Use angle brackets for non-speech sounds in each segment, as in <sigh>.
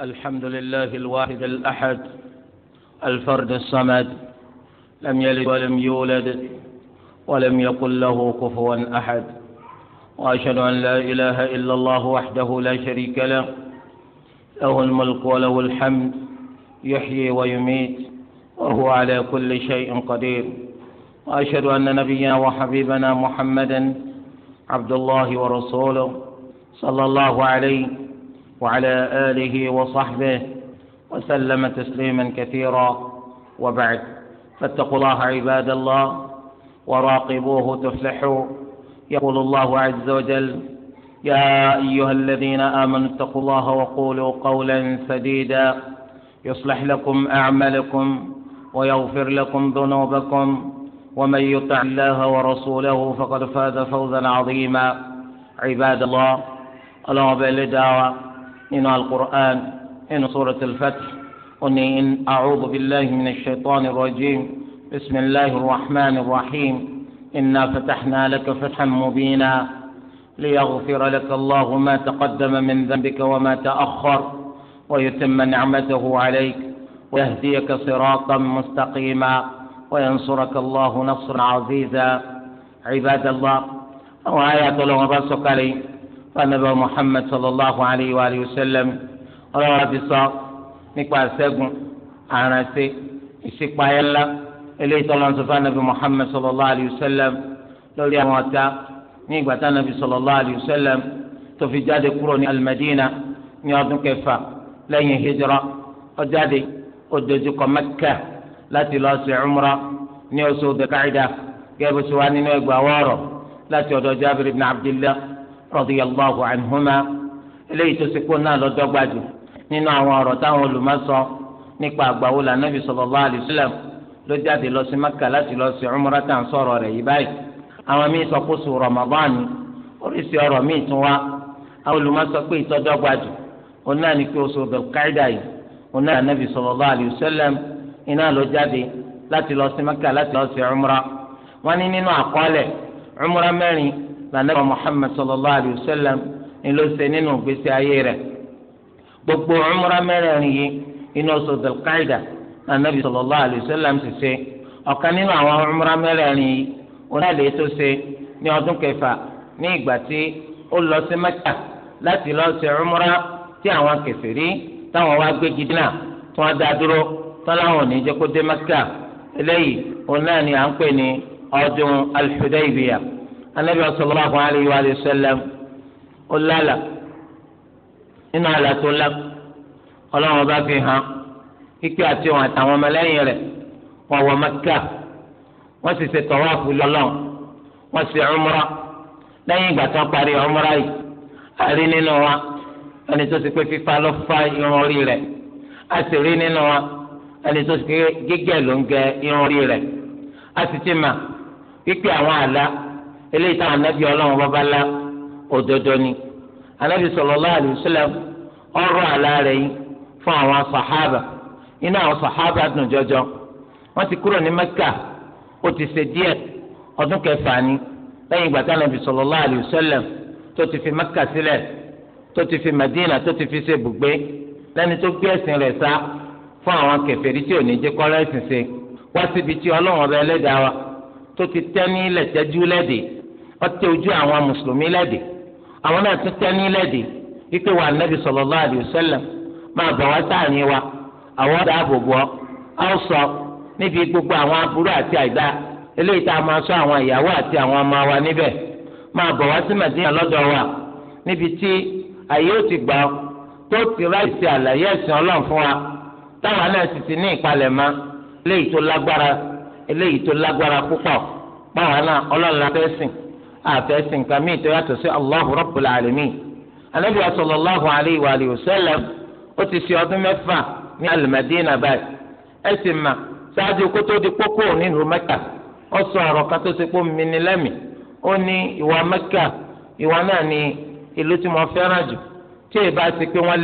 الحمد لله الواحد الأحد الفرد الصمد لم يلد ولم يولد ولم يقل له كفوا أحد وأشهد أن لا إله إلا الله وحده لا شريك له له الملك وله الحمد يحيي ويميت وهو على كل شيء قدير وأشهد أن نبينا وحبيبنا محمدا عبد الله ورسوله صلى الله عليه وعلى آله وصحبه وسلم تسليما كثيرا وبعد فاتقوا الله عباد الله وراقبوه تفلحوا يقول الله عز وجل يا أيها الذين آمنوا اتقوا الله وقولوا قولا سديدا يصلح لكم أعمالكم ويغفر لكم ذنوبكم ومن يطع الله ورسوله فقد فاز فوزا عظيما عباد الله الله بالدعوه من القرآن من سورة الفتح قل إن أعوذ بالله من الشيطان الرجيم بسم الله الرحمن الرحيم إنا فتحنا لك فتحا مبينا ليغفر لك الله ما تقدم من ذنبك وما تأخر ويتم نعمته عليك ويهديك صراطا مستقيما وينصرك الله نصرا عزيزا عباد الله وآيات الله رسك عليه fanabi muhammed sallallahu alayhi wa sallam ọlọ́wọ́ ti sọ nípa ṣẹ́gun àrànṣe ìṣípayá ńlá eléyìí tọ́lọ́ sọ fanabi muhammed sallallahu alayhi wa sallam lórí àwọn ọ̀tá ní ìgbà tá nàbi sallallahu alayhi wa sallam tó fi jáde kúrò ní alimadina ní ọdún kẹfà lẹ́yìn hijra ó jáde ó dojú kọ mẹ́kà láti lọ sí umra ní oṣù dẹ̀káìdá gẹ́gẹ́ bó ṣe wá nínú ẹgbàá wọ́ọ̀rọ̀ láti ọ̀dọ̀ jábìrì ibn abdillah radiyallahu anhuma eléyìí tó ti kó náà lọ́dọ́gba jù nínú àwọn ọ̀rọ̀ táwọn olùmọ̀sọ nípa àgbàwò la Nabi sallallahu alaihi wasallam ló jáde lọ sí Mẹ́kà láti lọ sí umrah tá à ń sọ̀rọ̀ rẹ̀ yìí báyìí àwọn míì sọ kó sùn Ramadan oríṣi ọ̀rọ̀ míì tún wá àwọn olùmọ̀sọ pé ìtọ́jọ́gba jù òun náà ní pé oṣù Dhul-Qa'dah yìí òun náà Nabi sallallahu alaihi wasallam iná ló jáde láti lọ sí Mẹ́kà láti lọ sí umrah wọn ní nínú àkọọ́lẹ̀ umrah mẹ́rin lànà Muhammad sallallahu alayhi wa sallam ni ló ṣe nínú ìgbésí ayé rẹ̀ gbogbo umra mẹ́rẹ̀ẹ̀rin yìí inú oṣù dàlqaida lànàbì sallallahu alayhi wa sallam ti ṣe ọ̀kan nínú àwọn umra mẹ́rẹ̀ẹ̀rin yìí onáàlẹ tó ṣe ní ọdún kẹfà ní ìgbà tí ó lọ sí Mẹ́kà láti lọ ṣe umra tí àwọn kèfèrí táwọn wá gbé gidina tí wọn dá dúró tọ́láwọn ò ní jẹ́ kó dé Mẹ́kà eléyìí onáà ni à ń pè ní ọdún al-Hudaybiyah anabi sallallahu alayhi wa sallam ó lálà nínú àlà tó lá ọlọ́run ọba fi hàn kíkí àti òun àtàwọn ọmọlẹ́yìn rẹ̀ wọ́n wọ mẹ́kà wọ́n sì ṣe tọ́wáàfù lọ́lọ́run wọ́n sì ọmọra lẹ́yìn ìgbà tó parí ọmọra yìí àrí nínú wa ẹni tó ti pé fífa ló fa irun orí rẹ̀ a sì rí nínú wa ẹni tó ti pé gígẹ̀ ló ń gẹ irun orí rẹ̀ a sì ti mà kíkí àwọn àlá eléyìí táwọn anábì ọlọ́run bá bá la òdodo ni anábì sallallahu alaihi wasallam ọ̀rọ̀ àlá rẹ̀ yìí fún àwọn sàhábà iná àwọn sàhábà dùn jọjọ wọ́n ti kúrò ní mẹ́kà ó ti ṣe díẹ̀ ọdún kẹfà ni lẹ́yìn ìgbà táwọn anábì sallallahu alaihi wasallam tó ti fi mẹ́kà sílẹ̀ tó ti fi Madina tó ti fi ṣe bùgbé lẹ́ni tó gbé ẹ̀sìn rẹ̀ sá fún àwọn kèfèrí tí ò ní jẹ́ kọ́lá ẹ̀sìn ṣe wá síbi tí ọlọ́run ọba ẹlẹ́dàá wa tó ti tẹ́ ní ilẹ̀ tẹ́jú lẹ́dẹ̀ẹ́ ọtẹ ojú àwọn mùsùlùmí lẹ́dẹ̀ àwọn náà tún tẹ́ ní lẹ́dẹ̀ wípé wà nẹ́bí sallallahu alaihi wasallam máa bọ̀ wá sáàrin wa àwọn ọ̀dà àbòbọ̀ á sọ níbi gbogbo àwọn aburú àti àìdá eléyìí tá a máa sọ àwọn ìyàwó àti àwọn ọmọ wa níbẹ̀ máa bọ̀ wá sí Mẹ̀dínà lọ́dọ̀ wa níbi tí àyè ó ti gbà tó ti ráì sí àlàyé ẹ̀sìn Ọlọ́run fún wa táwa náà sì ti ní ìpalẹ̀mọ́ eléyìí tó lágbára eléyìí tó lágbára púpọ̀ báwa náà Ọlọ́run la sìn àfẹ́sìn nǹkan míì tó yàtọ̀ sí Allahu Rabbul Alamin anabi sallallahu alayhi wa alihi wa sallam ó ti ṣe ọdún mẹ́fà ní alimadina báyìí ẹ sì mà ṣáájú kó tó di kókó nínú Mẹ́kà ó sọ ọ̀rọ̀ kan tó ṣe pé mímí lẹ́mìí ó ní ìwà Mẹ́kà ìwà náà ni ìlú tí mo fẹ́ràn jù tí bá pé wọ́n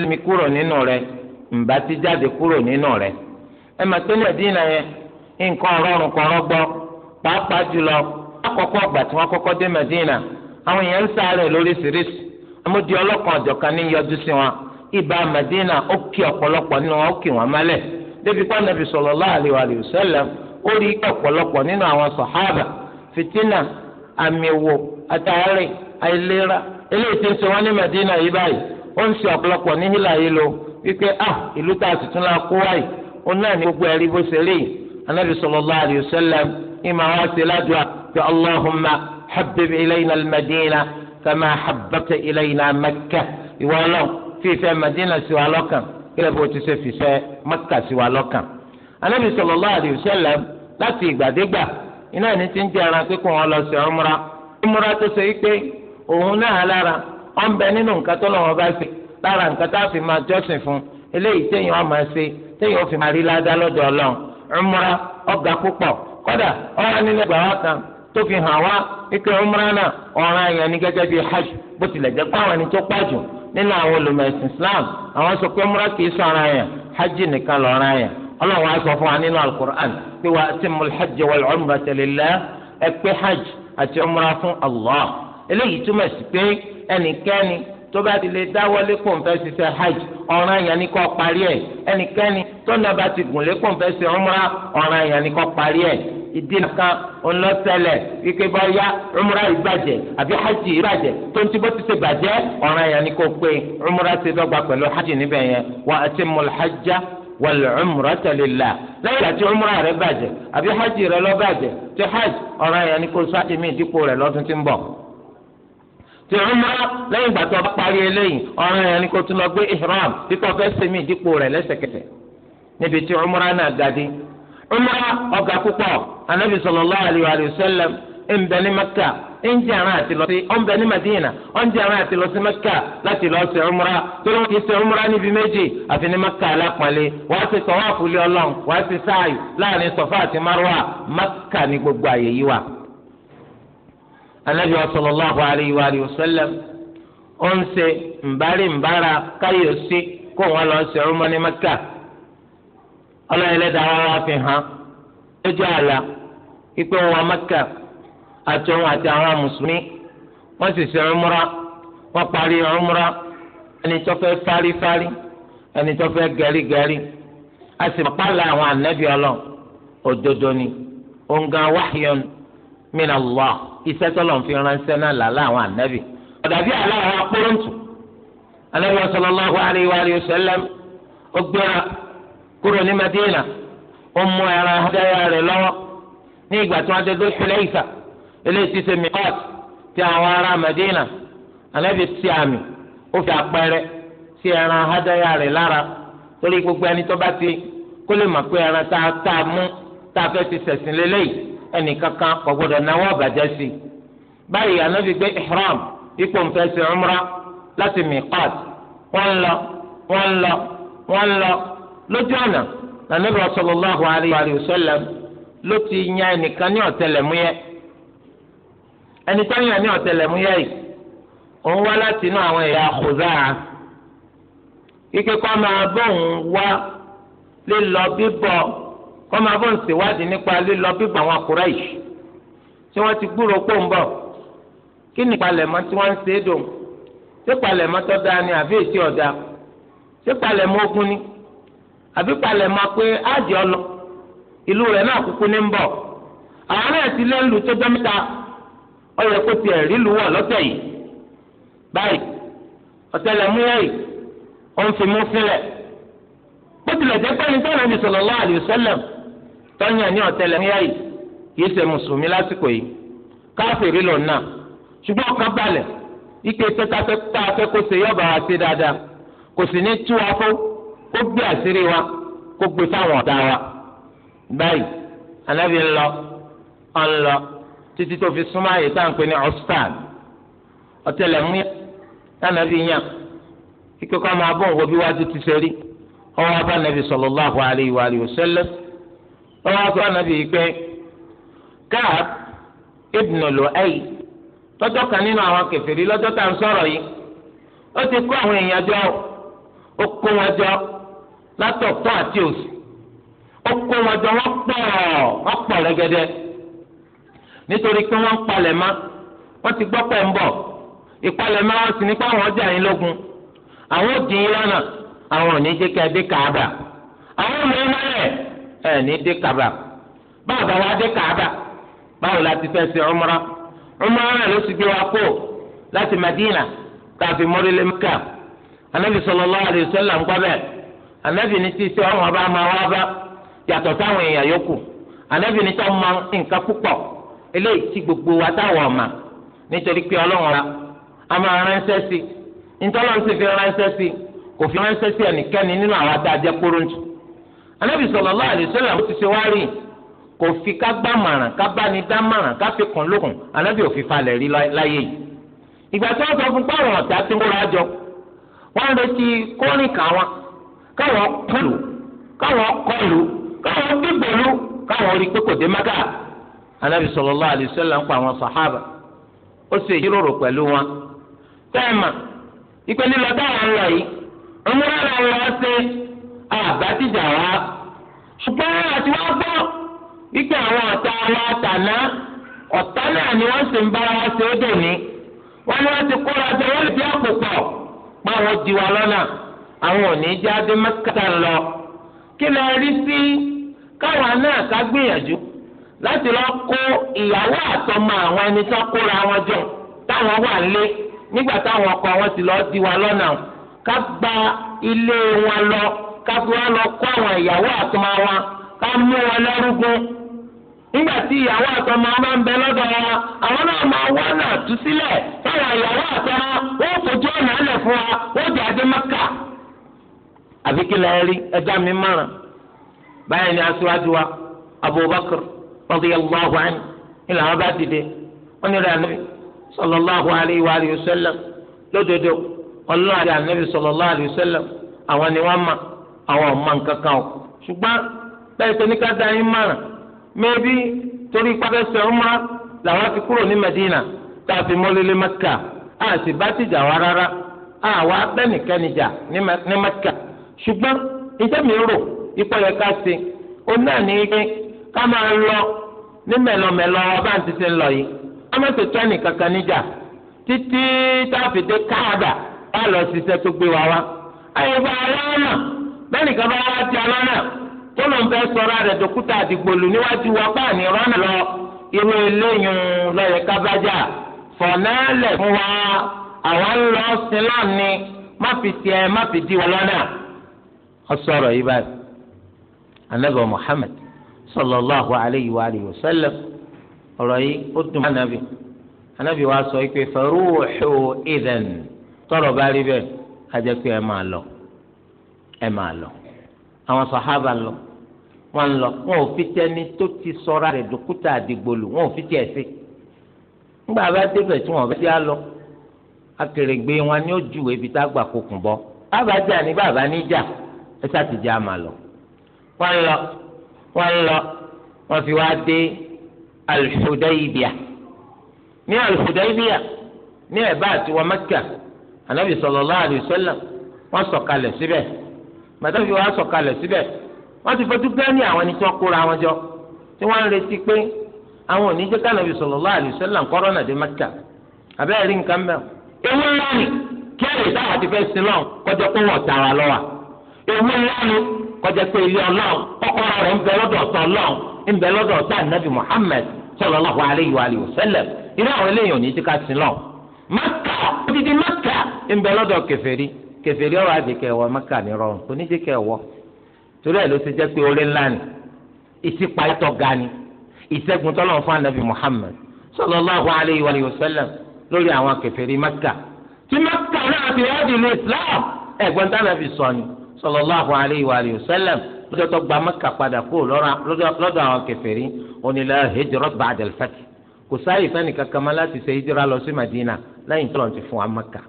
lé àkọ́kọ́ ọgbà tí wọ́n kọ́kọ́ dé Medina àwọn èèyàn ń sáré lóríṣiríṣi amódi ọlọ́kan ọ̀jọ̀kan ní yọjú sí wọn ibà Medina ó kí ọ̀pọ̀lọpọ̀ nínú wọn ó kì wọ́n mọ́lẹ̀ débi pa nàbì sallallahu alaihi wa sallam ó rí ọ̀pọ̀lọpọ̀ nínú àwọn sàhábà fìtínà àmìwò Medina yìí báyìí ó ń ṣe ọ̀pọ̀lọpọ̀ ní hílà yìí lo wípé ah ìlú tá a sì tún kó ó náà pé allahumma habib ilayna al-madina kama habbabta ilayna makkah ìwọ náà fífẹ́ madina sí wa lọ́kàn kílẹ̀ bó ti ṣe fìfẹ́ makkah sí wa lọ́kàn. anabi sallallahu alayhi wa sallam láti ìgbàdégbà iná ní ti ń jẹ́ ara pé kò wọ́n lọ sí umra umra tó ṣe pé òun náà lára ọ̀n bẹ nínú nǹkan tó lọ́wọ́ bá ṣe lára nǹkan tá a fi máa jọ́sìn fún eléyìí téèyàn á máa ṣe téèyàn ó fi máa rí ládàá lọ́dọ̀ ọlọ́run umra ọ̀gá púpọ̀ kódà ọ̀rá nínú ẹgbàá kan tó fi hàn wá ike umrah náà ọ̀ràn yẹn ní gẹ́gẹ́ bíi hajj bó tilẹ̀ jẹ́ pé àwọn ẹni tó pàjù nínú àwọn olùmọ̀ẹ̀sìn islam àwọn sọ pé umrah kì í sọ ọ̀ràn yẹn hajj nìkan lọ̀ràn yẹn ọlọ́run wa sọ fún wa nínú alukur'an pé wa atimul hajj wal umrata lillah ẹ pé hajj àti umrah fún allah eléyìí túmọ̀ sí pé ẹnikẹ́ni tó bá ti lè dáwọ́lé kó n fẹ́ ṣiṣẹ́ hajj ọ̀ràn yẹn ni kó parí ẹ̀ ẹnikẹ́ni tó náà bá ti gùn lé kó n fẹ́ ṣe umrah ọ̀ràn yẹn ni kó parí ẹ̀ ìdínà kan ọlọ́sẹ̀lẹ̀ wípé bá yá umra ìbàjẹ́ àbí hajj ìbàjẹ́ tó ń tí bó ti ṣe bàjẹ́ ọ̀ràn yẹn ni kò pé umra ti dọ́gba pẹ̀lú hajj níbẹ̀ yẹn wa atimul hajja wal umrata lillah lẹ́yìn àti umra rẹ̀ bàjẹ́ àbí hajj rẹ̀ lọ bàjẹ́ ti hajj ọ̀ràn yẹn ni kò sáàtì mí ìdíkù lọ́dún tí ń bọ̀ lẹ́yìn parí eléyìí ọ̀ràn yẹn ni umra ọgakwụkwọ púpọ̀ anabi sallallahu alayhi wa sallam ń bẹ ní maka ń jẹ àrùn àti lọ sí ọ ní madina àrùn àti lọ sí maka láti lọ sí maka ti ti sáàyù láàrin marwa maka ní gbogbo àyè yìí anabi káyọ̀ sí kó wọn lọ sí maka. ọlọ́run ẹlẹ́dàá wa wá fi hàn lójú àlá pípé wọn wá mẹ́kà àti òun àti àwọn mùsùlùmí wọ́n sì ṣe ọmúra wọ́n parí ọmúra ẹni tó fẹ́ fárífárí ẹni tó fẹ́ gẹ̀rígẹ̀rí a sì mọ̀ pálá àwọn ànábì ọlọ́run òdodo ni òǹgà wáhíọ̀n min Allah iṣẹ́ tọ́lọ̀ fi ránṣẹ́ náà làlá àwọn ànábì ọ̀dàbí àlá àwọn akpọ́rọ̀ǹtù ànábì sallallahu alaihi wa sallam ó gbéra kúrò ní Madina ó mú ẹran adáyà rẹ̀ lọ́wọ́ ní ìgbà tí wọ́n dé Dhul Hulayfa eléyìí ti ṣe miqat ti àwọn ará Madina Ànábì ti àmì ó fi àpẹẹrẹ sí ẹran adáyà rẹ̀ lára torí gbogbo ẹni tó bá ti kó lè mọ̀ pé ẹran tá a tá mú tá a fẹ́ ti sẹ̀sìn lélẹ́yìí ẹnì kankan kò gbọdọ̀ náwó ọ̀bàjẹ́ sí i báyìí Ànábì gbé ihram ipò nfẹsẹ̀ umra láti miqat wọ́n lọ wọ́n lọ wọ́n lọ lójú ọ̀nà nànẹ́bí sallallahu alayhi wa sallam ló ti yan ẹnìkan ní ọ̀tẹlẹ̀múyẹ́ ẹni yàn ní ọ̀tẹlẹ̀múyẹ́ yìí òun wá láti inú àwọn ẹ̀yà Khuzaa kíkẹ́ kọ́ máa bóun wá lílọ bíbọ̀ kọ́ máa bóun ṣèwádìí nípa lílọ bíbọ̀ àwọn Quraysh tí wọ́n ti gbúrò pò ń àbí palẹ̀ máa pé áàdì ọlọ ìlú rẹ̀ náà kúkú ní ń bọ̀ àwọn náà ti lé ńlu tó dọ́mẹ́ta kó tiẹ̀ rí lu wọ̀ lọ́tẹ̀ yìí báyìí ọ̀tẹlẹ̀múyẹ́ yìí ó ń fi mú sílẹ̀ bó tilẹ̀ jẹ́ pé nítorí Ànábì sallallahu alaihi wasallam tọ́yìn àní ọ̀tẹlẹ̀múyẹ́ yìí kì í ṣe mùsùlùmí lásìkò yìí náà ṣùgbọ́n ọkàn balẹ̀ ike tẹ́tà tẹ́tà fẹ́ kó yọ̀bà wá sí dáadáa kò sì ní tú afọ́ kó gbé àṣírí wa kó gbé sáwọn ọ̀tá wa anabi ńlọ ọ̀nlọ títí tó fi súnmọ́ àyè tá à ń pè ní ọ̀stán ọ̀tẹlẹ̀múyẹ́ tànàbí yàn kíkọ́ kọ́ máa bí wàá ti ti sẹ́rí ọwọ́ abá nàbí sallallahu alayhi wa alihi wa ọwọ́ abá nàbí ninu awa Ka'b ibn Lu'ay lọ́jọ́ kan nínú àwọn lọ́jọ́ tá ti kó látọ̀tọ̀ àti òsì ó kó wọn jọ wọ́n pọ̀ wọ́n pọ̀ rẹ́gẹ́dẹ́ nítorí pé wọ́n palẹ̀ ti gbọ́ pẹ̀ ń bọ̀ ìpalẹ̀ wọn sì ní ọjà yín lógun àwọn òdì yín àwọn òní dé ti fẹ́ ṣe ló sì gbé wa kó láti Madina káfí mọ́rílẹ́míkà anábì sallallahu ń gbọ́ bẹ́ẹ̀. anabi ní tí sẹ ọmọ bá máa wá táwọn èèyàn yòókù anabi ní táwọn nǹkan púpọ̀ eléyìí tí gbogbo wa táwọn ọ̀ma nítorí pé ọlọ́run ra a máa ránṣẹ́ sí i ntọ́lọ́run sì fi ránṣẹ́ sí i kò fi ránṣẹ́ sí ẹnikẹ́ni nínú àwọn adájẹ́ kúrúntù anabi sallallahu alaihi wasallam ó ti ṣe wá rí kò fi ká gbá màrán ká bá ní dá màrán ká fi kàn lókun anabi ò fi falẹ̀ rí láyé yìí ìgbà tí wọ́n sọ fún pé ọ̀tá ti ń kóra káwọn kọlù káwọn kọlù káwọn dìgbòlù káwọn rí pé kò dé mẹ́kà anabi sallallahu alaihi wasallam ń pa àwọn sàhábà ó sì jíròrò pẹ̀lú wọn tẹ́ẹ̀mà ìpè lílọ táwọn ń lọ yìí ọmọdé àwọn wọn ṣe àbátíjà wa ṣùgbọ́n àti wọ́n gbọ́ wípé àwọn ọ̀tá wa tàná ọ̀tá náà ni wọ́n sì ń wọn ṣe é ní wọ́n ní wọ́n ti kóra jọ wọ́n lè fi àpò pọ̀ àwọn òní jáde mẹ́kà lọ kí lè rí sí káwọn náà ká gbìyànjú láti lọ kó ìyàwó àtọmọ àwọn ẹni tó kóra wọn jọ táwọn wà lé nígbà táwọn ọkọ wọn ti lọ di lọ́nà ká gba ilé wọn lọ ká fi wọn lọ kó àwọn ìyàwó àtọmọ wọn ká mú wọn nígbà tí ìyàwó àtọmọ máa ń bẹ àwọn náà máa náà tú ìyàwó àbí kí lẹ́yìn rí ẹja mi márùn báyìí ni aṣíwájú wa abubakar radiyallahu anhu ni làwọn bá dìde wọn ni rẹ anabi sallallahu alayhi wa alihi wa sallam lódodo ọlọ́run àti anabi sallallahu alayhi wa sallam àwọn ni wọ́n mọ̀ àwọn ọ̀ma nkankan o ṣùgbọ́n bẹ́ẹ̀ tó ní ká da yín márùn mẹ́bí torí pàṣẹ sẹ́wọ́n làwọn ti kúrò ní medina tá a fi mọ́lélé mẹ́kà bá ti jà wá rárá a wá ní mẹ́kà. ṣùgbọ́n ìjẹ́mi rò ipò yẹ ká ṣe ó náà ní pé ká máa lọ ní mẹ̀lọmẹ̀lọ ọba àti ti ń lọ yìí ká má ṣe tọ́ni kankan níjà títí táàfin dé káàdà bá lọ ṣiṣẹ́ tó gbé wa wá. ayé bá aláàmà bẹ́ẹ̀ni kan bá wá ti aláàmà tó ló ń fẹ́ sọ̀rọ̀ rẹ̀ dòkúta àdìgbòlù níwájú wa páàní rọ́nà lọ irú eléyìn lọ́yẹ̀ kábájà fọ̀nẹ́lẹ̀ fún wa àwọn ń lọ sílọ̀ má fi tiẹ̀ má fi di wọn lọ́nà. ọsọrọ yìí báyìí anabi muhammed sallallahu alayhi wa alihi wa sallam Ọrọ yìí ó dùn anabi anabi wa sọ pé faruuxu idan tọrọ bá rí bẹ́ẹ̀ ajẹ pé ẹ máa lọ ẹ máa lọ àwọn sàhábà lọ wọn lọ wọn ò fi tẹni tó ti sọra rẹ̀ dòkúta àdìgbòlù wọn ò fi sí bá tí wọn bá ẹ ṣàtìjẹ́ àmà lọ. wọ́n lọ wọ́n lọ wọ́n fi wá dé Al-Hudaybiyah ní Al-Hudaybiyah ní ẹ̀bá àti wọ́n Mẹ́kà anabi sallallahu alaihi wasallam wọ́n sọ̀kalẹ̀ síbẹ̀ màtàfi wọ́n sọ̀kalẹ̀ síbẹ̀ wọ́n ti fojú gánì àwọn ẹni tí wọ́n kóra wọn jọ tí wọ́n ń retí pé àwọn òní jẹ́ kánàbì sallallahu alaihi wasallam kọ́rọ́nà dé Mẹ́kà abẹ́rẹ́ rí nǹkan mẹ́wàá ewu ńlá ni kí ẹ̀rì táwọn ti fẹ́ sin náà kọjá pé wọ́n tara lọ́wọ́ ewu ńlánu kọjá pé ilé ọlọ́run kọ́kọ́rọ́ rẹ̀ ń bẹ lọ́dọ̀ ọ̀tọ̀ ọlọ́run ń bẹ lọ́dọ̀ ọ̀tọ̀ ànábì Muhammad sallallahu alayhi wa alihi wa sallam irú àwọn eléyìí ò ní ti ká sí lọ. maka odidi maka ń bẹ lọ́dọ̀ kèfèrí kèfèrí ọ̀rọ̀ àdìkẹ́ wọ maka ní rọrùn kò ní jẹ́ kẹ́ wọ. torí ẹ̀ ló ti jẹ́ pé orí ńlá ni ìsìpá ìtọ́ ga ni ìṣẹ́gun tọ́lọ́run fún ànábì Muhammad sallallahu alayhi wa alihi wa sallam lórí àwọn kèfèrí sallallahu alayhi wa alihi wa sallam lọ́jọ́ gba maka padà kó lọ́dọ̀ àwọn kèfèrí onílẹ̀ hijira ba'da al kò sáyè fẹ́ni kankan láti ṣe madina lẹ́yìn tó lọ́n ti fún wa maka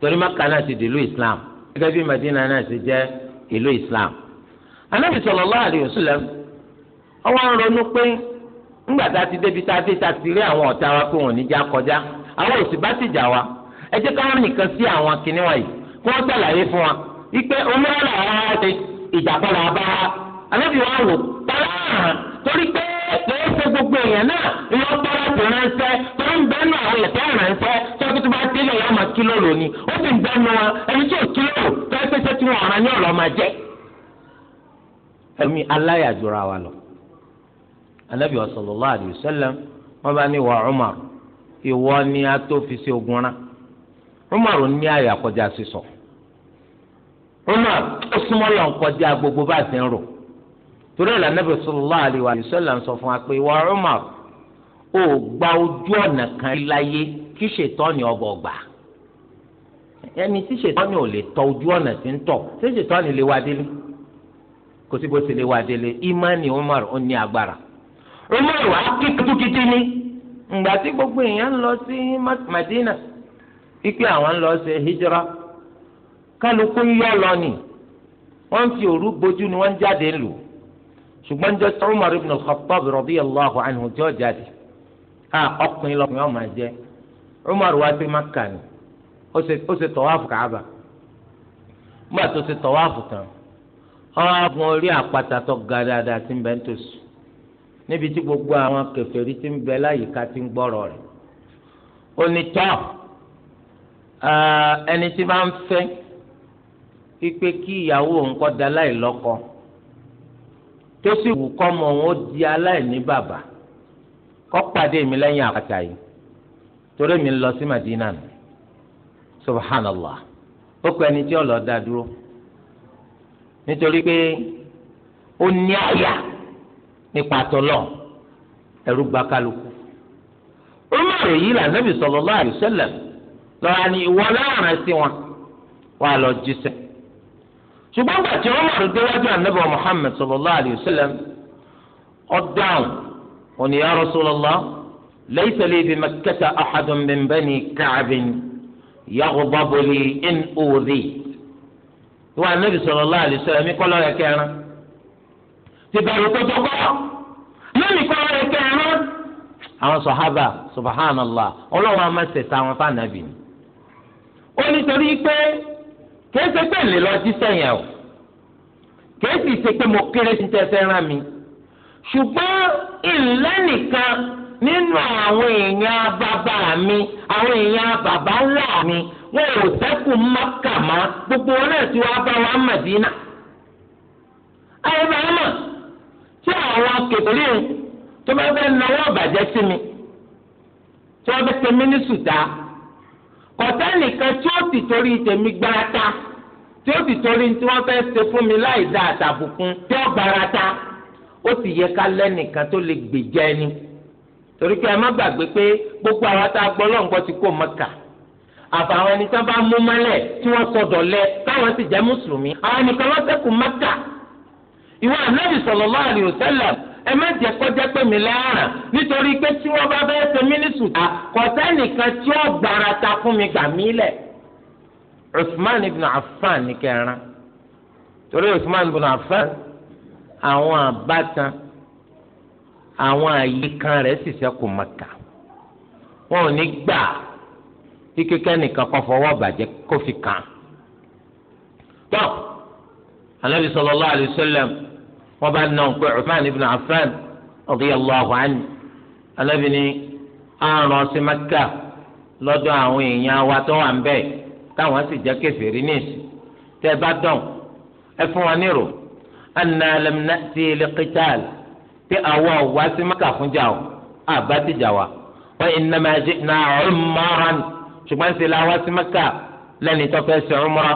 torí mẹ́kà náà ti islam gẹ́gẹ́ bí madina náà ti jẹ́ ìlú islam anabi sallallahu alayhi wa sallam ọwọ́ ń ronú pé ti débi dé ti rí àwọn ọ̀tá wa pé wọn ò ní já kọjá àwọn òsì ipe omúra làwọn ọ̀sẹ̀ ìjàpọ̀ là bá anábì wa wò tọ́lá torí pé ṣe gbogbo èèyàn náà ìwọ tọ́lá ti ránṣẹ́ tó ń bẹ́ẹ̀ nù àwọn ẹ̀tẹ́ ránṣẹ́ tó kí tó bá délé yọ ọmọ kílò lónìí ó sì ń bẹ́ẹ̀ nù ẹni tí ò kílò tó tí ọ̀ràn ní ọ̀rọ̀ máa jẹ́. ẹ̀mí aláyàjọra wa lọ anábì bá ní ìwọ a tó fi ṣe ogun Umar ó nkọ lọ agbogbo gbogbo bá ti ń rò torí ẹ̀ lànà bẹ̀rẹ̀ fún wa pé Umar ó gba ojú ọ̀nà kan láyé kí ṣètọ́ni ọbọ̀ gbà ẹni tí ni ò lè tọ ojú ọ̀nà tí ń tọ̀ ṣé ṣètọ́ni lè wá délé kò imani Umar ó ní agbára Umar wà á ni ǹgbà tí gbogbo èèyàn ń lọ sí Madina àwọn ń lọ kálukú ń yọ lọ ni wọ́n ń fi òru gbojú ni wọ́n ń jáde lù ṣùgbọ́n jẹ́ Umar ibn al-Khattab radiyallahu anhu jọ́ jáde a ọkùnrin lọkùnrin ọmọ ẹ̀jẹ̀ Umar wá sí Makka ni ó ṣe tọ́wáfù Kaaba nígbà tó ṣe tọ́wáfù tán ọ̀hún orí àpáta tó ga dáadáa ti ń bẹ́ ń tòṣù níbi tí gbogbo àwọn kèfèrí ti ń bẹ láyìíká ti ń gbọ́rọ̀ rẹ̀ onítọ́ ẹni tí bá ń fẹ́ pípé kí ìyàwó òun kọ́ da aláìlọ́kọ tó sì wù kọ́mọ òun ó di aláìní bàbá kọ́ pàdé mi lẹ́yìn àpáta yìí torí mi lọ sí Madina nù subhanallah ó kọ ẹni tí ó lọ dá dúró nítorí pé ó ní àyà nípa ẹrú gba kálukú lọ́wọ́ ni ìwọ sí wọn wà lọ ṣùgbọ́n gbà tí Umar déwájú ànábì Muhammad sallallahu alayhi wa sallam ọ̀dáhùn òní ya Rasulullah laysa li bi Makkata ahadun min bani Ka'b yaghdabu li in udhi ìwà ànábì sallallahu alayhi wa sallam kọ́lọ́ yẹ kẹrin ti bẹ̀rù tó tó kọ́ lónìí kọ́lọ́ yẹ kẹrin àwọn sọ̀hábà subhanallah ọlọ́run kìí ṣe pé lè lọ jíṣẹ́ yẹn o kìí sì ṣe pé mo kéré sí rán mi ṣùgbọ́n ìlẹ́ nìkan nínú àwọn èèyàn bàbá mi àwọn èèyàn bàbá ńlá mi wọn ò sẹ́kù mọ́kàmá gbogbo wọn náà ti bá wa mọ̀dínà. àyẹ̀bá tí àwọn kékeré tó bá fẹ́ náwó ọ̀bàjẹ́ sí mi tí wọ́n fẹ́ torí tèmi gbára tí ó sì torí tí wọ́n fẹ́ẹ́ ṣe fún mi láì dá àtàbùkún tí ó gbára ta ó sì yẹ ká lẹ́nìkan tó lè gbèjà ẹni torí pé ẹ má gbàgbé pé gbogbo àwọn tá a gbọ́ ti kó mọ́kà àfàwọn ẹni bá lẹ sì jẹ́ mùsùlùmí àwọn nìkan wọ́n mọ́kà ìwọ ànábì ẹ má kọjá pé mi nítorí pé tí wọ́n bá ṣe usman ibn affan ní kẹrin torí usman ibn affan àwọn àbátan àwọn àyíkan rẹ̀ sì ṣẹ́kù maka wọn ò ní gbà kí kíkẹ́ nìkan kọ́ fọwọ́ bàjẹ́ kó fi kàn tó anabi sallallahu alayhi wa sallam wọn bá nà pé usman ibn affan radiyallahu anhu anabi ni àrùn ọsẹ maka lọ́dọ̀ àwọn èèyàn wa tó wà ń bẹ́ẹ̀ táwọn sì jẹ́ kèfèrí ní ìsìn tẹ́ ẹ bá dán ẹ fún wa nírò anna lam na'ti liqital pé àwọn ọ̀wá sí mẹ́kà fúnjà o àbá ti jà wa wa innama ji'na umran ṣùgbọ́n ṣe la wá sí mẹ́kà lẹ́ni tó fẹ́ ṣe umra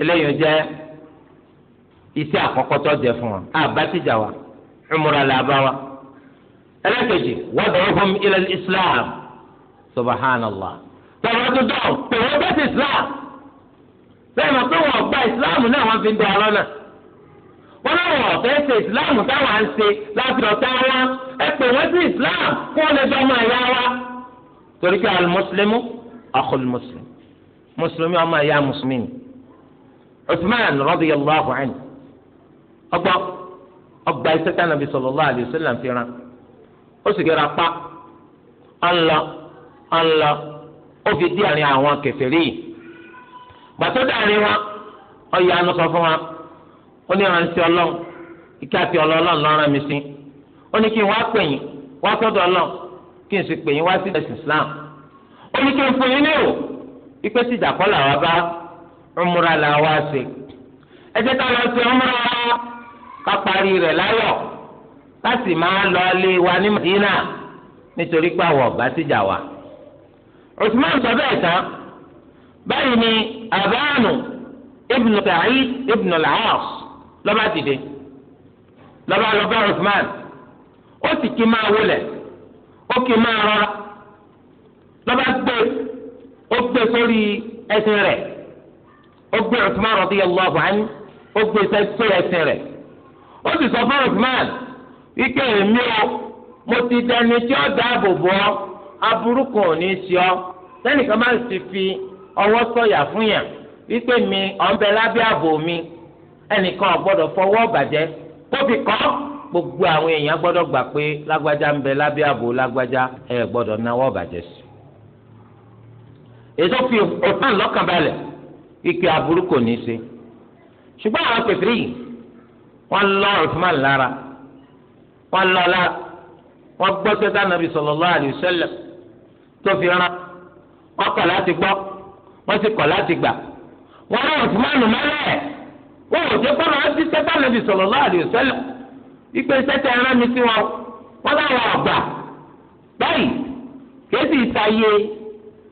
eléyìí jẹ́ iṣẹ́ àkọ́kọ́ tó jẹ fún wa àbá ti jà wa umra là bá wa ẹlẹ́kẹ̀jì wad'uhum ila al-islam subhanallah tọ̀rọ̀ tó dọ̀ pé wọ́n bẹ́ẹ̀ ti islam bẹ́ẹ̀ mọ̀ pé wọ́n gba islam náà wọ́n fi ń dọ̀ ọ̀rọ̀ náà wọ́n náà wọ̀ fẹ́ ṣe islam táwọn à ń ṣe láti ọ̀tá wa ẹ pè wọ́n sí islam kó lè dọ́ ọmọ ẹ̀yà wa torí pé alimuslimu akhul muslim ọmọ ẹ̀yà mùsùlùmí ni Uthman radiyallahu anhu ọgbọ́n ọgbà ìṣẹ́ká nàbí sallallahu alayhi fi ran ó sì kẹ́ra pa ọ̀nlọ ọ̀nlọ ó fi dí àárín àwọn kẹfẹ́rì yìí gbàtọ́ dàrin wọn ọyọ àánú sọ fún wa ó ní ìránṣẹ́ ọlọ́run ike àti ọlọ́run lọ́rọ̀ mi sí ó ní kí n wá pè wá sọ́dọ̀ ọlọ́run kí n sì pè wá sí ẹ̀sìn Islam ó ní kí n fún yín ní o ipe tí ìjà kọ́ làwọn bá umura làwọn ṣe ẹ jẹ́ ká lọ sí umura ká parí rẹ̀ láyọ̀ láti máa lọ ilé wa ní Madina nítorí pé àwọn ọ̀gá tìjà wa. Usman sọ bẹ́ẹ̀ tán báyìí ni abáànù ibn Sa'id ibn al-As lọ́ba dìde lọ́ba lọ́ba Usman ó sì kí máa wọlẹ̀ ó kí máa rọra lọ́ba gbé ó gbé sórí ẹsẹ̀ rẹ̀ ó gbé Usman radiyallahu anhu ó gbé sórí ẹsẹ̀ rẹ̀ ó sì sọ fún Usman wípé èmi o mo ti dẹni tí ó dáàbò bò ọ́. aburú kan ò ní í ọ sẹ́nìkan máa ń sì fi ọwọ sọ̀yà fún yàn wípé mi ọ̀nbẹ lábẹ́ ààbò mi ẹnìkan ò gbọ́dọ̀ gbogbo àwọn èèyàn gbọ́dọ̀ gbà pé lágbájá ń bẹ lábẹ́ ààbò lágbájá ẹ gbọ́dọ̀ náwọ́ sí. èso fi ike aburú kò ní í ṣùgbọ́n àwọn pèsè yìí wọ́n lọ lára wọ́n wọ́n gbọ́ tó fi rán wọ́n láti sì láti gbà ò nàbì ẹran mi sí wọn wọ́n láwọn ọ̀gbà báyìí kéésì ìtayé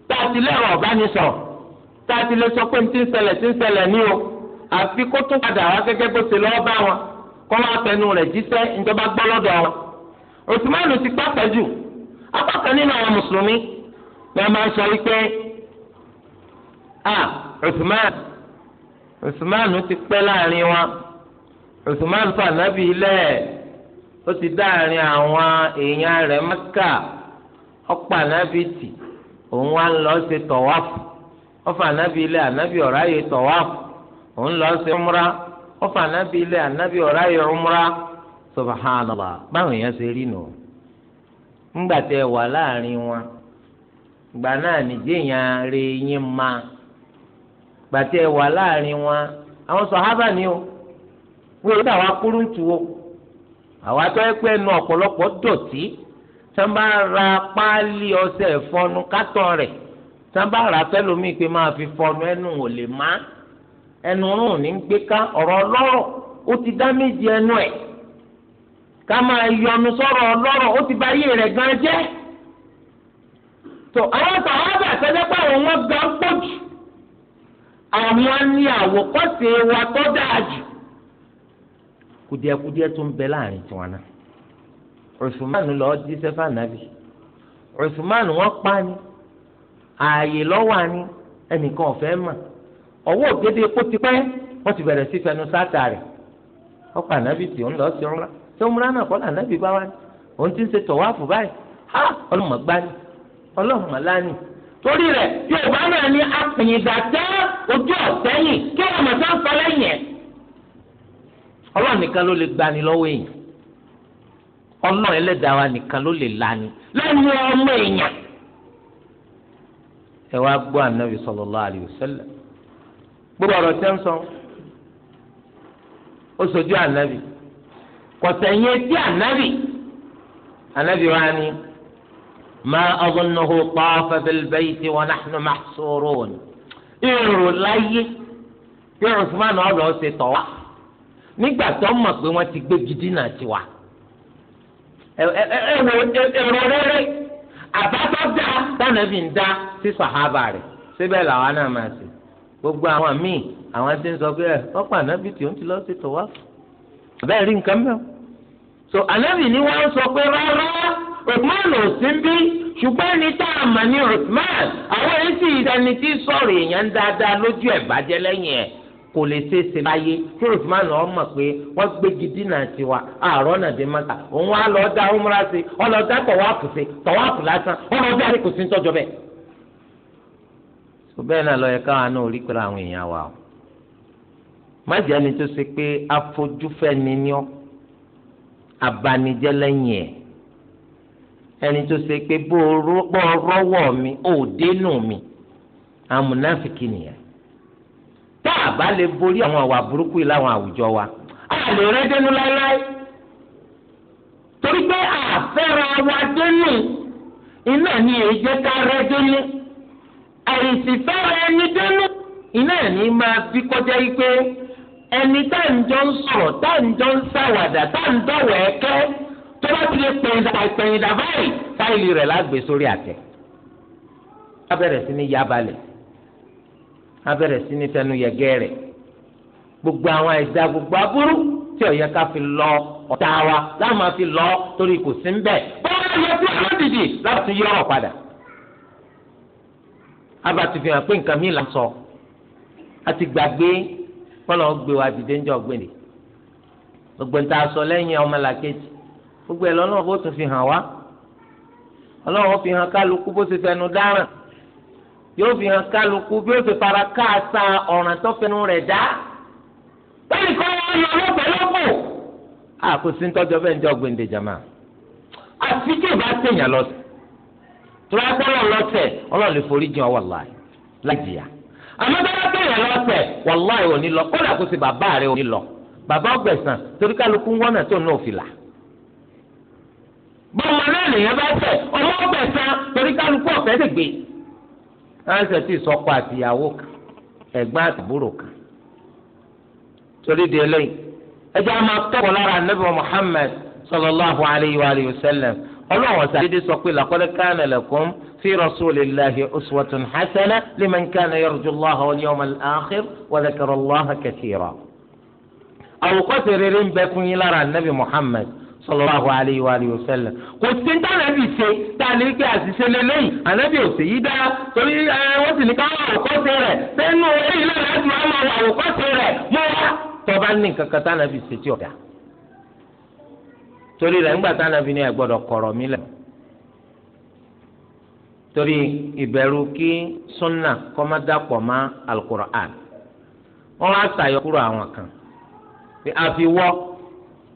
tààtì lẹ́rọ̀ ọ̀bánisọ̀ tààtì lè sọ pé ti ń ṣẹlẹ̀ ti ń ní o àfi kó padà wọn kọ́ jíṣẹ́ ìjọba gbọ́ lọ́dọ̀ ti pàpẹ́ jù nínú àwọn wọ́n máa ń sọ wípé ah Usman Usman ti pẹ́ láàrin wa Usman fa ilẹ̀ ó ti dáàrin àwọn èèyàn rẹ̀ Mẹ́kà ọ̀pọ̀ ànábì tì òun wá ń lọ ṣe tọ̀wáfù ọ̀fà ànábì ilẹ̀ ànábì ọ̀rá yẹ tọ̀wáfù òun lọ ṣe umra ọ̀fà ànábì ilẹ̀ ànábì gbà náà nìjéèyàn rè yín ma gbàtẹ wà láàrin wọn àwọn sọhábà ni o wọn yóò kúrú o àwọn atọ́ ọ̀pọ̀lọpọ̀ dọ̀tí tí ra páálí ọṣẹ ìfọnu kátọ́ tí ra pé máa fi fọnu ẹnu ò lè má ẹnu ní gbé ká ọ̀rọ̀ ọlọ́rọ̀ ó ti dá ẹnu ẹ̀ ká máa yọnu sọ̀rọ̀ ọlọ́rọ̀ ó ti bá yé rẹ̀ gan so àwọn sàhábà àtẹ́jẹ́ pé àwọn wọn gbà ń pọ̀ jù àwọn ní àwòkọ́ṣe wa tó dáa jù kùdìẹ̀kùdìẹ̀ tó ń bẹ láàrin tiwọn náà Usman lọ di sẹ́fà nàbì wọn pa ni ààyè lọ́wọ́ àní ẹnìkan ọ̀fẹ́ mà ọwọ́ ògede kó ti pẹ́ wọ́n ti bẹ̀rẹ̀ sí fẹnu sáta rẹ̀ ọ̀pọ̀ ànábì tí ó ń lọ sí ọ̀rá tí ó ń múra náà kọ́ làǹábì bá wá ní òun ti ń ṣe tọ̀wáàfù báyìí ha ọlọ́mọ ni ọlọ́run màláni torí rẹ̀ yorùbá náà ní apìnyìndàtẹ́ ojú ọ̀sẹ́yìn kí wọ́n mọ̀ sá ń sọ lẹ́yìn ẹ̀ ọlọ́run nìkan ló lè gbani lọ́wọ́ èèyàn ọlọ́run ẹlẹ́dàá wa nìkan ló lè lani lẹ́nu ọmọ èèyàn ẹ wá gbọ́ ànábì sallallahu alaihi wasallam gbogbo ọ̀rọ̀ tẹ́ ń sọ ó sojú ànábì kọ̀sẹ̀yìn etí ànábì ànábì wa ni. ما أظنه طاف بالبيت ونحن محصورون irun láyé tí Usman ọlọ ṣe tọ wa nígbà tó mọ̀ pé wọ́n ti gbé gidi náà ti wa èrò rere àbátọ́ dá gbogbo àwọn míì àwọn sọ pé ẹ ànábì tí ó ń ti lọ sí rí nǹkan so ànábì ni sọ pé rárá. Uthman ò sí bí ṣùgbọ́n ẹni tá a mọ̀ ní Uthman àwọn èyí sì ẹni tí sọ̀rọ̀ èèyàn dáadáa lójú lẹ́yìn ẹ̀ kò lè ṣe é ṣe láyé tí ọ mọ̀ pé wọ́n àárọ̀ náà dé mọ́ta da sí sí lásán sí ń bẹ́ẹ̀. náà káwọn náà àwọn èèyàn wa o má jẹ́ ẹni tó ṣe pé ni ọ́ ẹni tó ṣe pé bó rọwọ mi o dénú mi amúnáfíkì nìyẹn tá a bá borí àwọn àwà burúkú yìí láwọn wa a lè rẹ dénú láéláé torí pé àfẹ́ra wa dénú iná ni èyí ká rẹ dénú àìsífẹ́ra ẹni dénú iná ni máa fi kọjá yìí pé ẹni tá à ń jọ ń sọ̀rọ̀ tá à ń jọ tó bá ti lè pẹ̀yìndà àìpẹ̀yìndà báyìí fáìlì rẹ̀ lágbè sórí àtẹ. a bẹ̀rẹ̀ sí ní yabalẹ̀ a bẹ̀rẹ̀ sí ní fẹnu yẹgẹ́ rẹ̀ gbogbo àwọn àìsàn gbogbo aburú tí ó yẹ ká fi lọ ọ̀tá wa láwọn máa fi lọ torí kò sí ń bẹ̀ bọ́lá yẹ kí àwọn dìdì láti fi hàn pé nǹkan mi là ń sọ a ti gbàgbé kọ́lọ́ gbé wa dìde ń jọ gbé ni gbogbo ń sọ lẹ́yìn ọmọlàkejì gbogbo ẹ̀ lọ́nà bó tún fi hàn wá ọlọ́run fi hàn kálukú bó ṣe fẹnu dáràn yóò fi hàn kálukú bí ó ṣe fara káàsà ọ̀ràn tó fẹnu rẹ̀ dá bẹ́ẹ̀ kọ́ wọn lọ lọ́pẹ́ lọ́pọ̀ àkóso ń tọ́jọ́ bẹ́ẹ̀ ń jọ gbèǹde jàmá àti tí ìbá tẹ̀yàn lọ sí tura tẹ́lẹ̀ lọ́sẹ̀ ọlọ́run lè forí jìn ọwọ́ láì lájìyà àmọ́ tẹ́lẹ̀ tẹ̀yàn lọ́sẹ̀ wọ́láì bọ́ọ̀mọ náà lèèyàn bá tẹ̀ ọmọ ọgbẹ̀ san torí kálukú ọ̀fẹ́ lè gbé. ránṣẹ́ tí ìsọkọ àtìyàwó kan ẹ̀gbọ́n àtàbúrò kan. torí di eléyìí ẹjọ́ a máa kẹ́kọ̀ọ́ lára anabi muhammed sallallahu alayhi wa sallam ọlọ́run ọ̀sán dídí sọ pé laqad kana lakum fi rasulillahi uswatun hasana liman kana yarju allaha wal yawmal akhir wa dhakara allaha kathira. àwòkọ́ṣe rere ń bẹ fún yín lára anabi muhammed sallallahu alaihi wa alihi wasallam kò sí ní tànàbì ṣe tàní pé àṣìṣe lélẹyìn ànábì ò sì yí dára torí wọn sì ní ká wọn àwòkọ́ṣe rẹ̀ sẹ́nu èyí náà láti máa ma wọ rẹ̀ mọ́ tọ́ba ní nǹkan kan ṣe tí ọ̀dà torí rẹ̀ ńgbà tànàbì ni ẹ̀ kọ̀rọ̀ mi lẹ̀ torí ìbẹ̀rù kí sunna kọ́mádàpọ̀ má alukur'an wọ́n á àwọn kan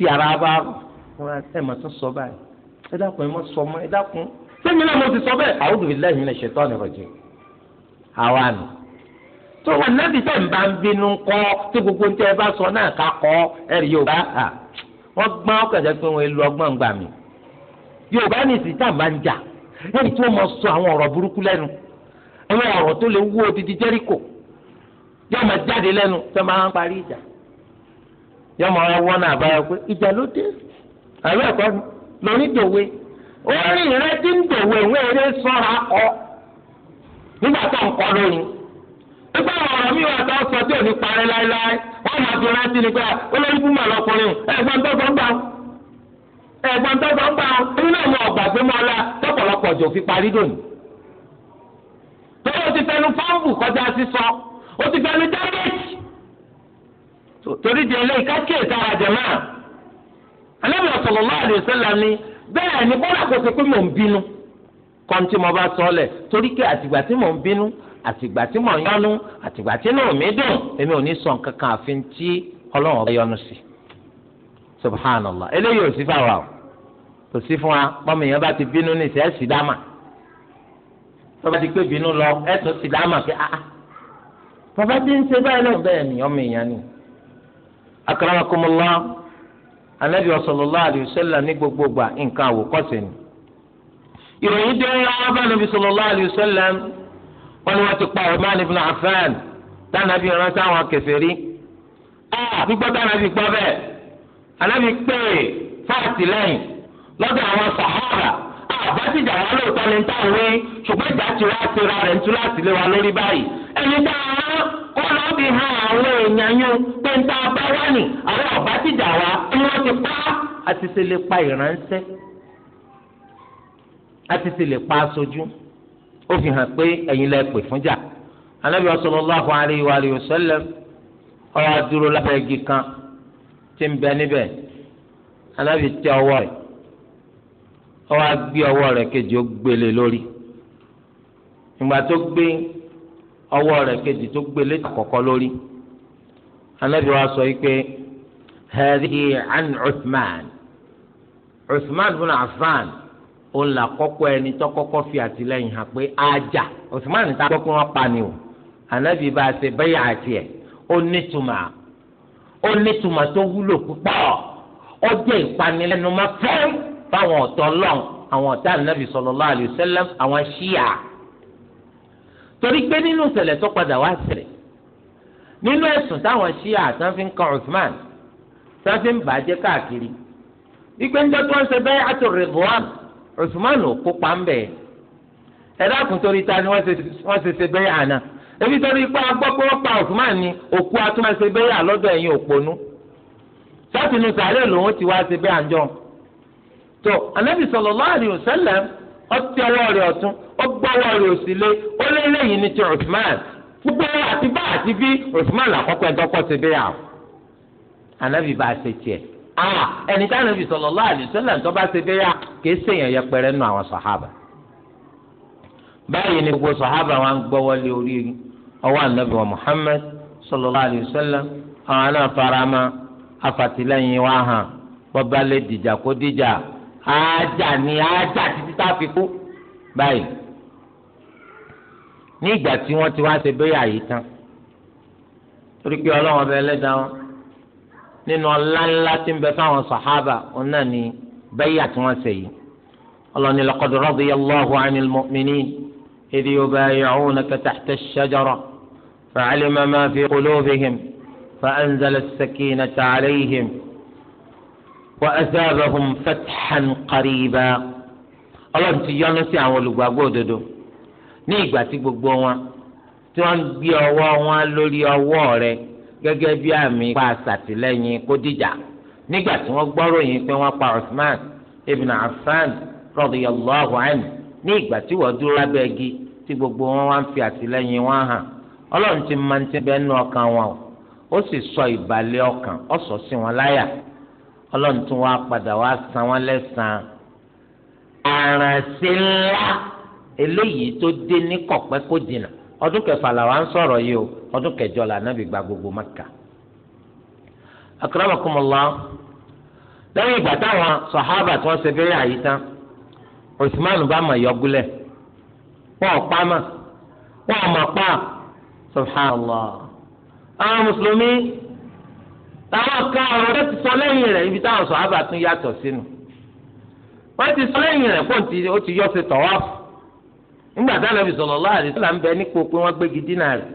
tí ara bá wọn ẹ mà tún sọ báyìí ẹ dákun ẹ má sọ mọ́ ẹ dákun sẹ́mi náà mo ti sọ bẹ́ẹ̀ a'udhu billahi minash shaitani rajim àwa nù tó wọn nábì tẹ̀ ń bá ń bínú kọ́ tí gbogbo ń tẹ́ ẹ bá sọ náà ká kọ́ ẹ̀rí yóò bá à wọ́n gbọ́n ó kẹ̀jẹ́ pé wọ́n lu ọgbọ́n gbà mí Yorùbá ní ìsìn tá à ń bá ń jà ẹni tí wọ́n mọ sọ àwọn ọ̀rọ̀ burúkú lẹ́nu àwọn ọ̀rọ̀ tó lè wú odidi Jẹ́ríkò yóò máa jáde lẹ́nu tó máa ń parí ìjà yọmọ ọwọ́ náà bá yọ pé ìjà ló dé àlọ́ ẹ̀kọ́ lórí dòwe orí rẹ ti ń dòwe eré nígbà tó ń nígbà ọ̀rọ̀ mi wà tó sọ tí ò ní parí láéláé wọ́n máa fi rántí ni pé olórí fún tó tó o ti fẹnu torí di eléyìí kákì ìtara jẹ̀mọ́ Ànábì sallallahu alaihi wasallam ni bẹ́ẹ̀ ni bọ́lá kò sí pé mò ń bínú kọ́ńtì mo bá sọ ọ́lẹ̀ torí pé àtìgbà tí mò ń bínú àtìgbà tí mò ń yọnu àtìgbà tí inú mi dùn èmi ò ní sọ nǹkan kan àfi tí ọlọ́run ọba yọ́nú sí subhanallah eléyìí ò sí fáwa o kò sí fún wa pọ́nmi yẹn bá ti bínú ní ìsẹ́ sì dáàmà tọ́ba ti pé bínú lọ ẹ̀sùn sì dáàmà pé ah, ah. bàbá ti ń ṣe báyìí náà bẹ́ẹ̀ ni ọmọ èèyàn ni akramakumullah anabi sallallahu alayhi sallam ní gbogbo gbà nǹkan àwòkọ́ṣe ni. ìròyìn dé wọn bá anabi sallallahu alayhi sallam wọn ni wọn ti pa Uthman ibn Affan tànàbí ránṣẹ́ àwọn kèfèrí. gbígbọ́ tànàbí gbọ́ bẹ́ẹ̀ anabi pè é fáàtìlẹ́yìn lọ́dọ̀ àwọn sàhárà àbá ti jà wá lóòótọ́ ni táwọn wí ṣùgbọ́n ìjà ti wá ti ra rẹ̀ ń tú láti lé wa lórí báyìí ẹni dáa fi hàn àwọn èèyàn yín pé ń tá a bá wà ní àwọn ọ̀bá ti dà wá tí wọ́n ti pa àti ṣe lè pa ìránṣẹ́ àti ṣe lè pa aṣojú ó fi hàn pé ẹ̀yin lẹ pè fún jà Ànábì sallallahu alaihi wa alihi wasallam dúró lábẹ́ igi kan tí ń bẹ níbẹ̀ Ànábì tẹ ọwọ́ rẹ̀ ó wá gbé ọwọ́ kejì ó gbélé lórí ìgbà tó gbé ọwọ́ rẹ̀ kejì tó gbélé kọ̀kọ́ lórí anabi wa sọ pé hadihi an Uthman Uthman bin Affan òun là kọ́kọ́ ẹni tó kọ́kọ́ fi àtìlẹ́yìn hàn pé ajá Uthman ta gbọ́ pé wọ́n pa ni o anabi bá a ṣe bẹ́yà àti ẹ̀ ó nítumọ̀ ó nítumọ̀ tó wúlò púpọ̀ ó jẹ́ ìpanilẹ́nu máa fáwọn ọ̀tọ̀ lọ́n àwọn ọ̀tá anabi sallallahu alaihi àwọn ṣíà. torí pé nínú ìṣẹ̀lẹ̀ tó padà wá ṣẹlẹ̀ nínú ẹ̀sùn táwọn ṣíà tán fi ń kan Usman tán fi ń káàkiri wípé níjọ́ tí wọ́n ṣe bẹ́ẹ̀ àti Ridwan Usman ò kópa ń bẹ̀ ẹ̀ torí ta ni wọ́n ṣe ṣe bẹ́ẹ̀ àná pa Usman ni òkú bẹ́ẹ̀ àlọ́dọ̀ ẹ̀yìn sọ́ọ̀tì ní sàárẹ̀ lòun ti wá ṣe bẹ́ẹ̀ àjọ tó ó rẹ̀ òsì lé ó lé lẹ́yìn ní ti Uthman gbogbo àti bá àti bí Uthman àkọ́kọ́ ẹ̀ dọ́kọ́ ti bí àwọn anabi bá a ṣe tiẹ̀ ah ẹni tí anabi sallallahu alaihi wasallam tó bá ṣe bí yà kì í ṣèyàn yẹpẹrẹ nù àwọn báyìí ni gbogbo sàhábà wọn gbọ́wọ́ lé orí ọwọ́ anabi wa Muhammad sallallahu alaihi wasallam àwọn náà farama afatilẹ́yìn wa hàn a fi kú báyìí ní ìgbà tí wọ́n ti wá ṣe bẹ́yà yìí tán torí pé ọlọ́wọ́n bẹ lẹ́dàá wọn nínú ọlá ńlá tí ń bẹ fáwọn sàhábà wọn náà ní bẹ́yà tí wọ́n ṣe yìí ọlọ́ni laqad radiyallahu 'anil mu'minin idh yubayi'unaka tahta ash-shajara fa'alima ma fi qulubihim فأنزل السكينة عليهم وأثابهم فتحا قريبا ọlọ́run ti yọ́nú sí àwọn olùgbàgbọ́ òdodo ní ìgbà tí gbogbo wọn tí ń wọn lórí ọwọ rẹ gẹ́gẹ́ bí àmì pa àṣàtìlẹ́yìn kó nígbà tí gbọrọ gbọ́ròyìn pé wọn pa Usman ibn Affan radiyallahu anhu ní ìgbà tí wọ́n dúró lábẹ́ igi tí gbogbo wọn wá ń fi wọn hàn ti máa ń tẹ́ ọkàn sọ ọkàn ọsọ sí wọn láyà padà wọn án eléyìí tó dé ní kọ̀pẹ́ kó dìnnà ọdún kẹfà làwọn o ọdún kẹjọ là gba gbogbo maka akramakumullah lẹ́yìn ìgbà táwọn sọ̀hábà tí wọ́n ṣe fẹ́ yà yí tán Usman bá mọ̀ yọgúlẹ̀ wọ́n pa mà wọ́n mọ̀ pa àwọn mùsùlùmí táwọn ọ̀rọ̀ ti sọ lẹ́yìn ibi táwọn sọ̀hábà tún yàtọ̀ sínú wọ́n sọ lẹ́yìn pọ̀ ó ti yọ ṣe nígbà tá ànábì sallallahu alaihi wasallam ń bẹ nípò pé wọ́n gbégi dínà rẹ̀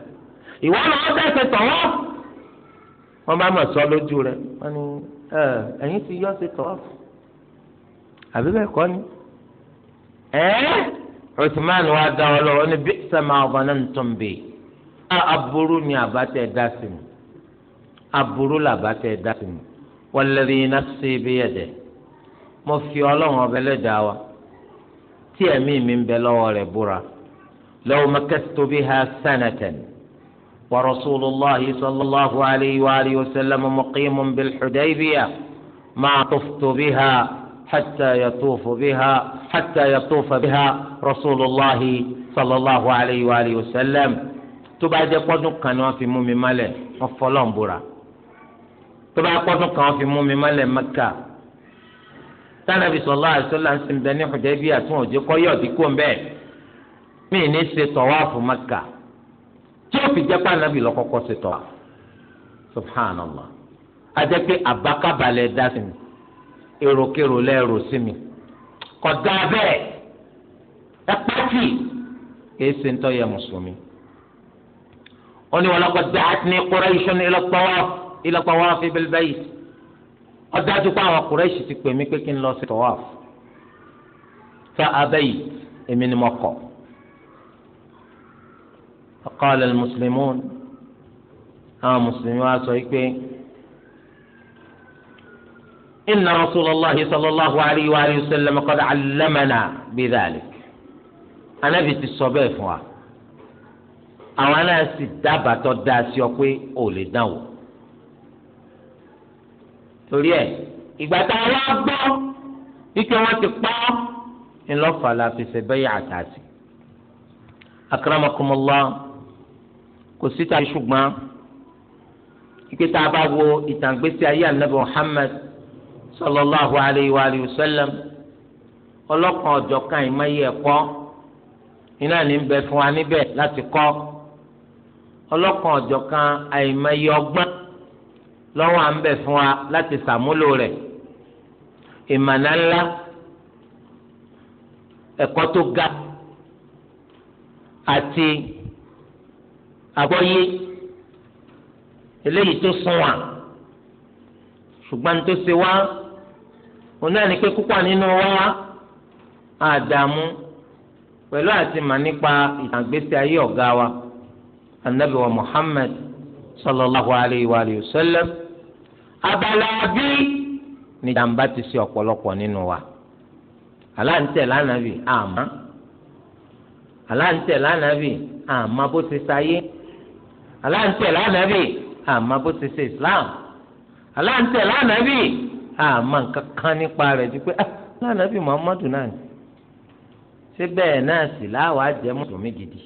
ìwọ ni wọ́n tẹ̀sẹ̀ wọn wọ́n bá mọ̀ sọ lójú rẹ. wọ́n ní ẹ̀yin ti yọ́ ṣe àbí ni ẹ̀ẹ́ Usman wa dá ọ lọ́wọ́ ní bi'sa ma dhanantum bi aburú ni dá sí mi aburú dá sí mi mo fi wa. tí ẹ̀mí mi ń bẹ lọ́wọ́ rẹ̀ búra lọ́wọ́ law bí ha sanatan wa rasulullahi sallallahu alayhi wa alayhi wa sallam muqimun bil hudaybiyah ma tuftu biha hatta yatufu biha hatta yatufa biha rasulullahi sallallahu alayhi wa alayhi wa sallam tó bá jẹ́ pọ́dún kan wọ́n fi mú mi mọ́lẹ̀ wọ́n fọlọ́n búra tó bá pọ́dún kan wọ́n fi mú mi mọ́lẹ̀ Mẹ́kà. tánàbí sọlá àṣọlá ń sinmi dání ọ̀jẹ̀ bí àtúnwò jẹ́ kọ́yọ̀ dínkù bẹ́ẹ̀ mí ní ṣe tọ̀wáàfù Mẹ́kà tí ó fi jẹ́ pé ànábì lọ́kọ́kọ́ ṣe tọ̀wá subhanallah ajẹ́ pé àbákábalẹ̀ dá sí mi èròkèrò lẹ́rù sí mi kọ̀dá bẹ́ẹ̀ ẹ pàtì kìí ṣe ń tọ́yẹ mùsùlùmí. ó ní wọn lọ́kọ̀ dáhàtì ní Quraysh ní ilẹ̀ pàwọ́ ilẹ̀ pàwọ́ fi bil bayt ọdájú pé àwọn kùrẹ́ṣì ti pè mí pé kí n lọ sí tọ́wáf fa abẹ́yì èmi ni mo kọ̀ ọ̀kọ́lẹ̀ mùsùlùmí àwọn mùsùlùmí wa sọ pé inna rasulallah sallallahu alayhi wa sallam qad allamana bidhalik anabi ti sọ bẹ́ẹ̀ fún wa àwọn aláǹsì dábàá tó dáa sí ọ pé ò lè dáwọ́. torí ẹ̀ ìgbà tá a wá gbọ́ ike wọn ti pọ́ ńlọ́fà la fi ṣe bẹ́yà àtàtì. akramakumullah kò síta ike tá a bá wo ìtàngbésí ayé anabi sallallahu alayhi wa sallam ọlọ́kan ọ̀jọ̀kan ìmọ̀ye ẹ̀kọ́ iná ní bẹ fún wa níbẹ̀ láti kọ́ ọlọ́kan ọgbọ́n. lọ́wọ́ à ń bẹ̀ fún wa láti sàmúlò rẹ̀ ìmọ̀nà ńlá ẹ̀kọ́ tó ga àti àgbọ́yé eléyìí tó sún wa ṣùgbọ́n tó ṣe wá òun náà ní pé púpọ̀ nínú wa àdààmú pẹ̀lú àti mà nípa ìtàgbésí ayé ọ̀gá wa anabi wa Muhammad sallallahu alayhi wa sallam. abala bí ni jàǹbá ti ṣe ọpọlọpọ n'inu wa aláǹtẹ̀ lánàbì àmọ́ aláǹtẹ̀ lánàbì ama bó ti sáyé aláǹtẹ̀ lánàbì ama bó ti ṣe Islam aláǹtẹ̀ lánàbì àmọ́ nǹkan kan nípa rẹ̀ ju pé ah, lánàbì Muhammadu náà ni ṣé bẹ́ẹ̀ náà sì láwàá jẹ́ mùsùlùmí gidi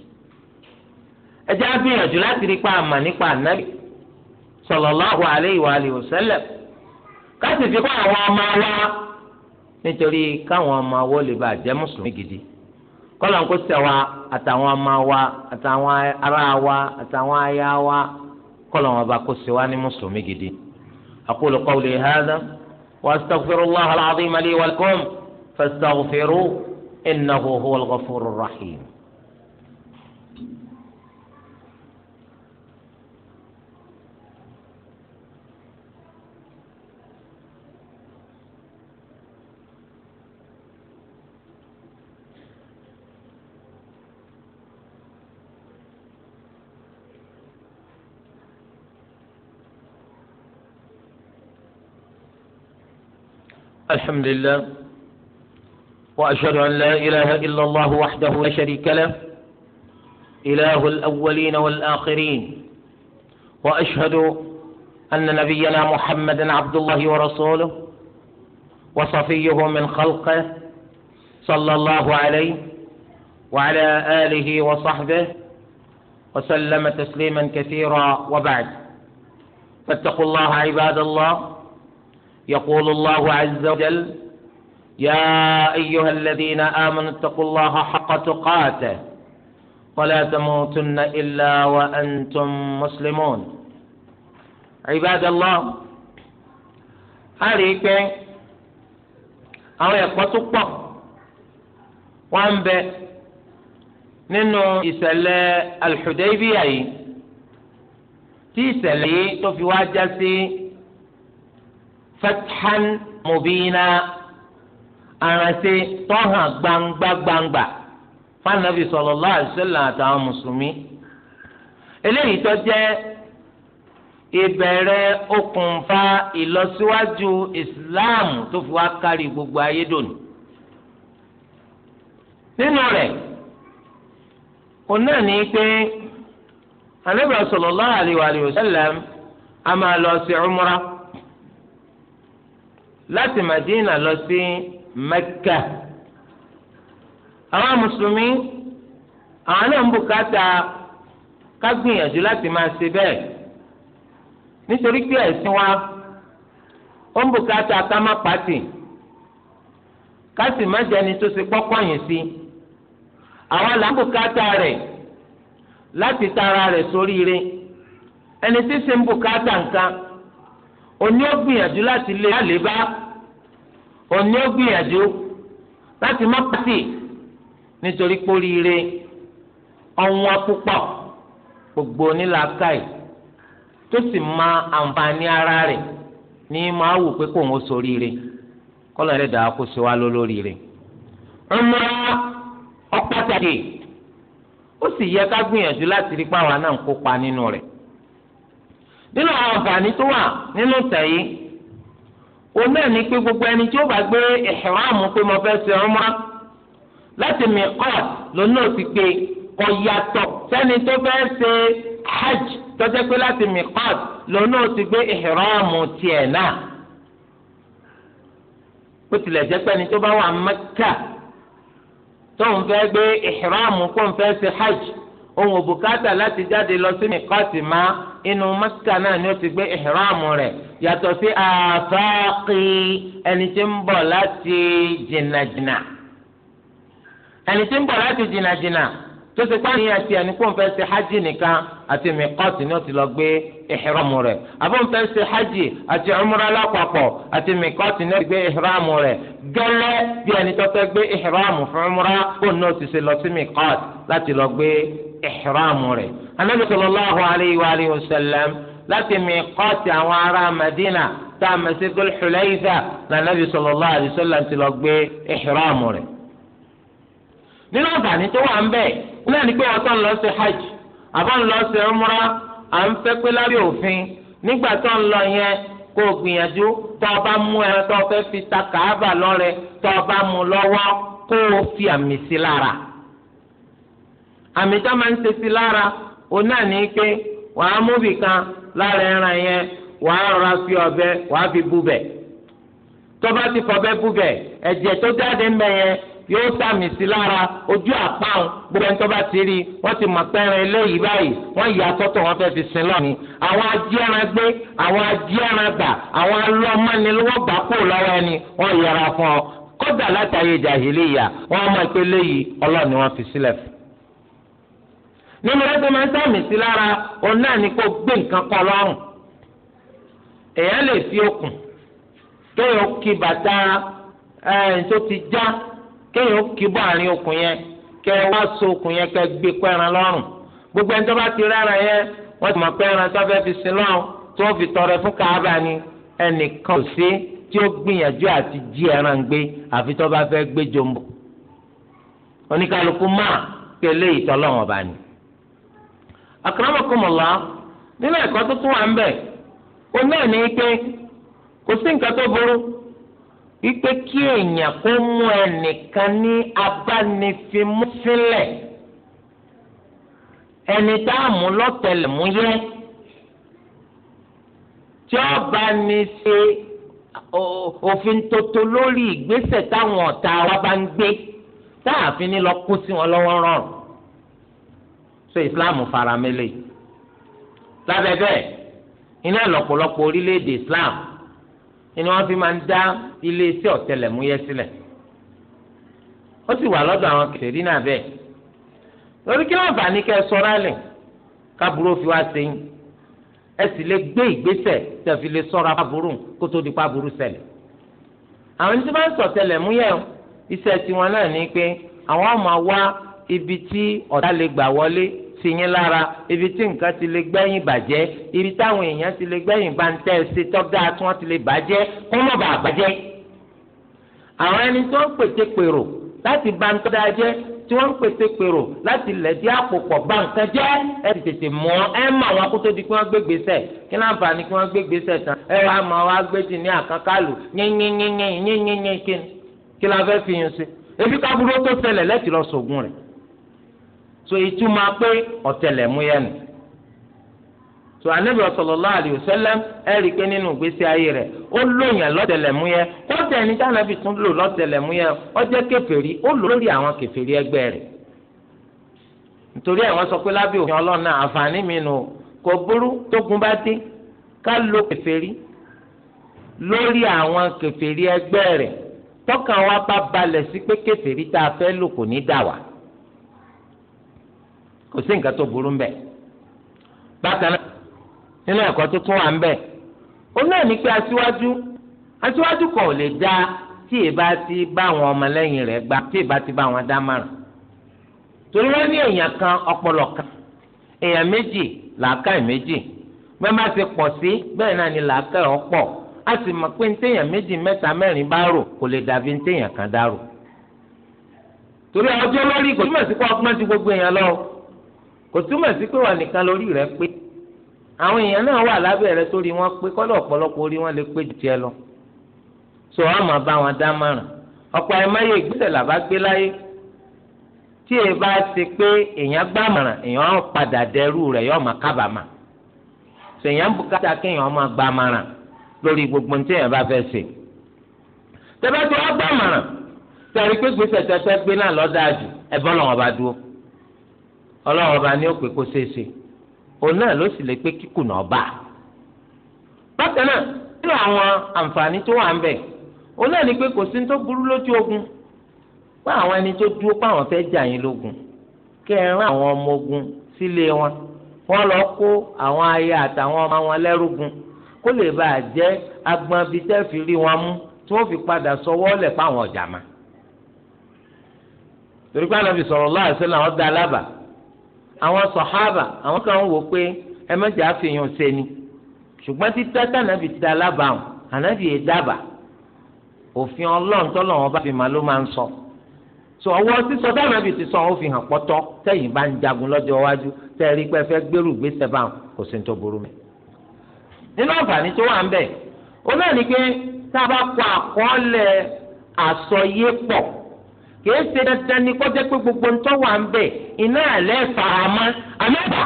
ẹ jẹ́ àgbìyànjú láti rí pa àmà nípa sallallahu alayhi wa alihi wa sallam káṣí fi kọ́ àwọn ọmọ wa nítorí káwọn ọmọ wa lè bá jẹ́ mùsùlùmí gidi kọ́lá ń kó sẹ́ wa àtàwọn ọmọ wa àtàwọn ará wa àtàwọn aya wa kọ́lá wọn bá kó sẹ́ wa ní mùsùlùmí gidi. aqulu qawli hadha wa astaghfirullaha al-azima li wa lakum fastaghfiruhu innahu huwal الحمد لله وأشهد أن لا إله إلا الله وحده لا شريك له إله الأولين والآخرين وأشهد أن نبينا محمدا عبد الله ورسوله وصفيه من خلقه صلى الله عليه وعلى آله وصحبه وسلم تسليما كثيرا وبعد فاتقوا الله عباد الله يقول الله عز وجل يا أيها الذين آمنوا اتقوا الله حق تقاته ولا تموتن إلا وأنتم مسلمون عباد الله عليك àwọn ẹ̀kọ́ tó pọ̀ wọ́n ń bẹ nínú ìṣẹ̀lẹ̀ Al-Hudaybiyah yìí tí ìṣẹ̀lẹ̀ yìí tó fi wá já sí fathan mubina aranṣẹ tọhàn gbangba gbangba fanabi sallallahu alaihi wasallam àtàwọn mùsùlùmí eléyìí tó jẹ́ ìbẹ̀rẹ̀ okùnfà ìlọsíwájú islam tó fi wá kárí gbogbo ayé dòní nínú rẹ̀ òun náà ní pé anabi sallallahu alaihi wasallam a máa lọ sí umrah. láti Madina lọ sí Mẹ́kà àwọn mùsùlùmí àwọn náà ń bùkátà ká gbìyànjú láti máa ṣe bẹ́ẹ̀ nítorí pé ẹ̀sìn wa ó ń bùkátà ká má pàtì ká sì má jẹni tó ṣe pọ́kànyìn sí àwọn là ń bùkátà láti tara rẹ̀ sóríire ẹni tí ṣe ń bùkátà nǹkan. òní ó gbìyànjú láti lé àlébá òní ó gbìyànjú láti má pàtì nítorí póríire ọ̀wọ́n púpọ̀ gbogbo onílàákàyè tó sì ma àǹfààní ara rẹ̀ ní máa wù pé kò ń ṣoríire kọ́lọ̀ rẹ̀ dàá kó wá lólóríire. ó sì yẹ ká nínú àwọn àǹfààní tó wà nínú tẹ̀yí òun náà ní pé gbogbo ẹni tí ó bá gbé ìhìrámù pé mo fẹ́ ṣe umrah láti miqat lòun náà ti pé kò yàtọ̀ sẹ́ni tó fẹ́ ṣe hajj tó pé láti miqat lòun náà ti gbé ìhìrámù tiẹ̀ náà bó tilẹ̀ jẹ́ pé ẹni tó bá wà Mẹ́kà tóun fẹ́ gbé ìhìrámù kó n fẹ́ ṣe hajj òun ò bùkátà láti jáde lọ sí miqat máa inú mẹ́kà náà ni ó ti gbé ìhìrámù rẹ̀ yàtọ̀ sí àfáàkì ẹni tí ń bọ̀ láti jìnnàjìnnà ẹni tí ń bọ̀ láti jìnnàjìnnà tó ti pa níyà tiẹ̀ ní kó n fẹ́ ṣe hajj nìkan àti mìkọ́ọ̀tì ni ó ti lọ gbé ìhìrámù rẹ̀ àbọ̀ n fẹ́ ṣe hajj àti umra lápapọ̀ àti mìkọ́ọ̀tì ni ó ti gbé ìhìrámù rẹ̀ gẹ́lẹ́ bí ẹni tó fẹ́ gbé ìhìrámù fún umra kó ní ó ti ṣe lọ sí mìkọ́ọ̀tì láti lọ gbé ìḥram rẹ̀ anabi sallallahu alayhi wa alayhi wa sallam láti miqati àwọn ará madina tá a mọ̀ sí Dhul Hulayfa lànàbi sallallahu alayhi wa sallam ti lọ gbé ìḥram rẹ̀ nínú àǹfààní tó wà ń bẹ̀ náà pé wọ́n lọ sí hajj àbọ̀ ń lọ sí umra à ń fẹ́ pé lábẹ́ òfin nígbà tó ń lọ yẹn kó o gbìyànjú tó o bá mú tó fi ta kàábà lọ́rẹ tó àmì tá máa ń ṣe sí lára òun náà ní pé wàá múbì kan lára ẹran yẹn wàá rọra fi ọ̀bẹ wàá fi bú bẹ̀ tó bá ti fọ̀bẹ bú bẹ̀ ẹ̀jẹ̀ tó jáde ń bẹ̀ yẹn yóò sàmì sí lára ojú àpáhùn gbogbo ẹni tó bá ti rí wọ́n ti mọ̀ pẹ́ẹ́rẹ́ eléyìí báyìí wọ́n yà sọ́tọ̀ wọ́n fẹ́ẹ́ fi sin lọ́ọ̀ni àwọn ajíẹran gbé àwọn ajíẹran gbà àwọn alọ́mọ́nilọ́gbà kò lọ́wọ́ ẹni wọ́n yẹra fún ọ kódà látàyè jàhìlì yà wọ́n mọ̀ pé léyìí ọlọ́ọ̀ni wọ́n fi sílẹ̀ fún nínú rẹ tó máa ń sàmì sí lára òun náà ni kó gbé nǹkan kọ lọ́rùn èèyàn lè fi okùn kéèyàn kí bàtà ẹ̀ẹ́n tó ti já kéèyàn kí bọ́ àárín okùn yẹn kẹ wá so okùn yẹn kẹ gbé pẹ́ran lọ́rùn gbogbo ẹni tó bá ti rárá yẹn wọ́n ti mọ̀ pẹ́ran tó fẹ́ fi sin lọ́rùn tó fi tọrẹ fún kàábà ni ẹnìkan ò sí tí ó gbìyànjú àti jí ẹran gbé àfi tó bá fẹ́ gbé jombo oníkàlùkù máa pẹ̀lẹ́ ìtọ́lọ́wọ̀n bá ni akramakumullah nínú ẹ̀kọ́ tó tún wà ń bẹ̀ ó náà ní pé kò sí nǹkan tó burú wípé kí èèyàn kó mú ẹnìkan ní abánifimúsílẹ̀ ẹni tá a mú lọ́tẹlẹ̀múyẹ́ tí ó bá ní ṣe òfin tuntun lórí ìgbésẹ̀ táwọn ọ̀tá wa bá ń gbé tá a fi ní lọ kó sí wọn lọ́wọ́ rọrùn so islam faramele lábẹ́ bẹ́ẹ̀ iná lọ́pọ̀lọpọ̀ orílẹ̀-èdè islam ni wọ́n fi máa ń dá iléeṣẹ́ ọ̀tẹlẹ̀múyẹ́ sílẹ̀ ó sì wà lọ́dọ̀ àwọn kẹsìrì náà bẹ́ẹ̀ lórí kí wọ́n bá ní kẹ́ sọ́ra lẹ̀ kábúrò fi wá sẹ́yìn ẹ sì lè gbé ìgbésẹ̀ tẹ̀fi lè sọ́ra fáburú kó tó di fáburú ṣẹlẹ̀ àwọn tí wọ́n bá ń tiwọn náà ni pé àwọn máa wá ibi tí ọ̀tá lè gbà wọlé sí yín lára ibi tí nǹkan ti lè gbẹ̀yìn bàjẹ́ ibi táwọn èèyàn ti lè gbẹ̀yìn bá ń tẹ́ ẹ ṣe tọ́gá tí wọ́n ti lè bàjẹ́ kó mọ̀ bàa bàjẹ́. àwọn ẹni tó ń pète pèrò láti bá ń tọ́jà jẹ́ tí wọ́n ń pète pèrò láti lẹ̀ dí àpòpọ̀ bá nǹkan jẹ́ ẹ ti tètè mọ̀ ẹ mọ̀ àwọn akótó di kí wọ́n gbé gbèsè kí láǹfààní kí wọ́n gbé gbèsè tán ẹ wá mọ̀ wá gbé jì ní àkànkálù yínyínyínyínyínyínyín kí ni kí la fẹ́ fi yín sí ebi kábúrò tó ṣẹlẹ̀ lẹ́tì lọ sògùn rẹ̀ so ìtumọ̀ pé ọ̀tẹlẹ̀múyẹ́ nù so anabi sallallahu alayhi wa sallam ẹrí pé nínú ìgbésí ayé rẹ̀ ó lóyìn lọ́tẹ̀lẹ̀múyẹ́ kọtẹ ẹni tí anabi tún lò lọ́tẹ̀lẹ̀múyẹ́ ó jẹ́ kèfèrí ó lò lórí àwọn kèfèrí ẹgbẹ́ rẹ̀ nítorí àwọn sọ pé lábẹ́ òfin Ọlọ́run náà àǹfààní mi nù kò burú tógun bá dé ká lo kèfèrí lórí àwọn kèfèrí ẹgbẹ́ rẹ̀ tọkàn wa bá balẹ̀ sí pé kèfèrí tá a fẹ́ lò kò ní dà wá kò sí nǹkan tó burú mbẹ bákan náà nínú ẹ̀kọ́ tó tún wà mbẹ ó náà ní pé aṣíwájú aṣíwájú kan ò lè dá tí ìbá ti bá àwọn ọmọlẹ́yìn rẹ̀ gbà tí ìbá ti bá àwọn dámàràn torí wọn ní èèyàn kan ọpọlọ kan èèyàn méjì làákàyè méjì bẹ́ẹ̀ má ti pọ̀ sí bẹ́ẹ̀ náà ni làákàyè ọ̀pọ̀ a sì mọ̀ pé ntẹ̀yàn méjì mẹ́ta mẹ́rin bá rò kò lè dàbí ntẹ̀yàn kan dá rò torí ọjọ́ lórí kò túmọ̀ sí kó ọgbọ́n ti gbogbo èèyàn lọ kò túmọ̀ sí pé wà nìkan lórí rẹ pé àwọn èèyàn náà wà lábẹ́ rẹ sórí wọn pé kọ́lọ̀ ọ̀pọ̀lọpọ̀ orí wọn lè pé jù tiẹ lọ so wọn máa bá wọn dá márùn ọ̀pọ̀ ẹ̀máyé ìgbésẹ̀ làbá gbé láyé tí èyí bá ti pé èèyàn gbá mọ̀ràn èèyàn padà dẹrú rẹ̀ yóò máa kábàámà so èèyàn bùkátà kí èèyàn máa gbá mọ̀ràn lórí gbogbo tí èèyàn bá fẹ́ ṣe tẹ́fẹ́ tó wá gbá tẹ̀rí pé gbèsè tẹ́fẹ́ gbé náà lọ́dáàjù ẹ̀bọ́n lọ́wọ́ bá dúró ọlọ́run ọba ní òpè kó ṣeéṣe òun náà ló sì lè pé kíkùnà ọba bákan náà nínú àwọn àǹfààní tó wà ń bẹ òun náà ní pé kò sí ní tó burú lójú ogun pé àwọn ẹni tó dúró pé àwọn fẹ́ẹ́ jà yín lógun kẹ́ ẹ rán àwọn ọmọ ogun sílé wọn wọ́n lọ kó àwọn aya àtàwọn ọmọ wọn lẹ́rúgun kó lè bàa jẹ́ agbọn bíi tẹ́ fi rí wọn mú tí wọ́n fi padà sọwọ́ lẹ̀ fáwọn ọ̀jàmá torí pé Ànábì sallallahu alaihi wasallam dá alábàá àwọn sọ̀hábà àwọn kan wò pé ẹ mẹ́jẹ̀ àfihàn sẹ́ni ṣùgbọ́n títẹ́ tànàbì ti da alábàáhùn ànàbì yẹn dábàá òfin ọlọ́run tọ́lọ̀ wọn bá fi máa ló máa ń sọ sọ ọwọ́ sísọ tànàbì ti sọ wọn fi hàn pọ́tọ́ tẹ̀yìn bá ń jagun lọ́jọ́ iwájú tẹ̀rí pé fẹ́ gbèrú gbèsè báwọn kò sí ní burú mi. nínú àǹfààní tó wà ń bẹ̀ ó náà ní pé tá a bá kọ àkọọ́lẹ̀ àsọyé pọ̀ kìí ṣe dandan ni kọjá pé gbogbo ńtọ́ wà ń bẹ̀ iná àlẹ́ fàámà àmẹ́bà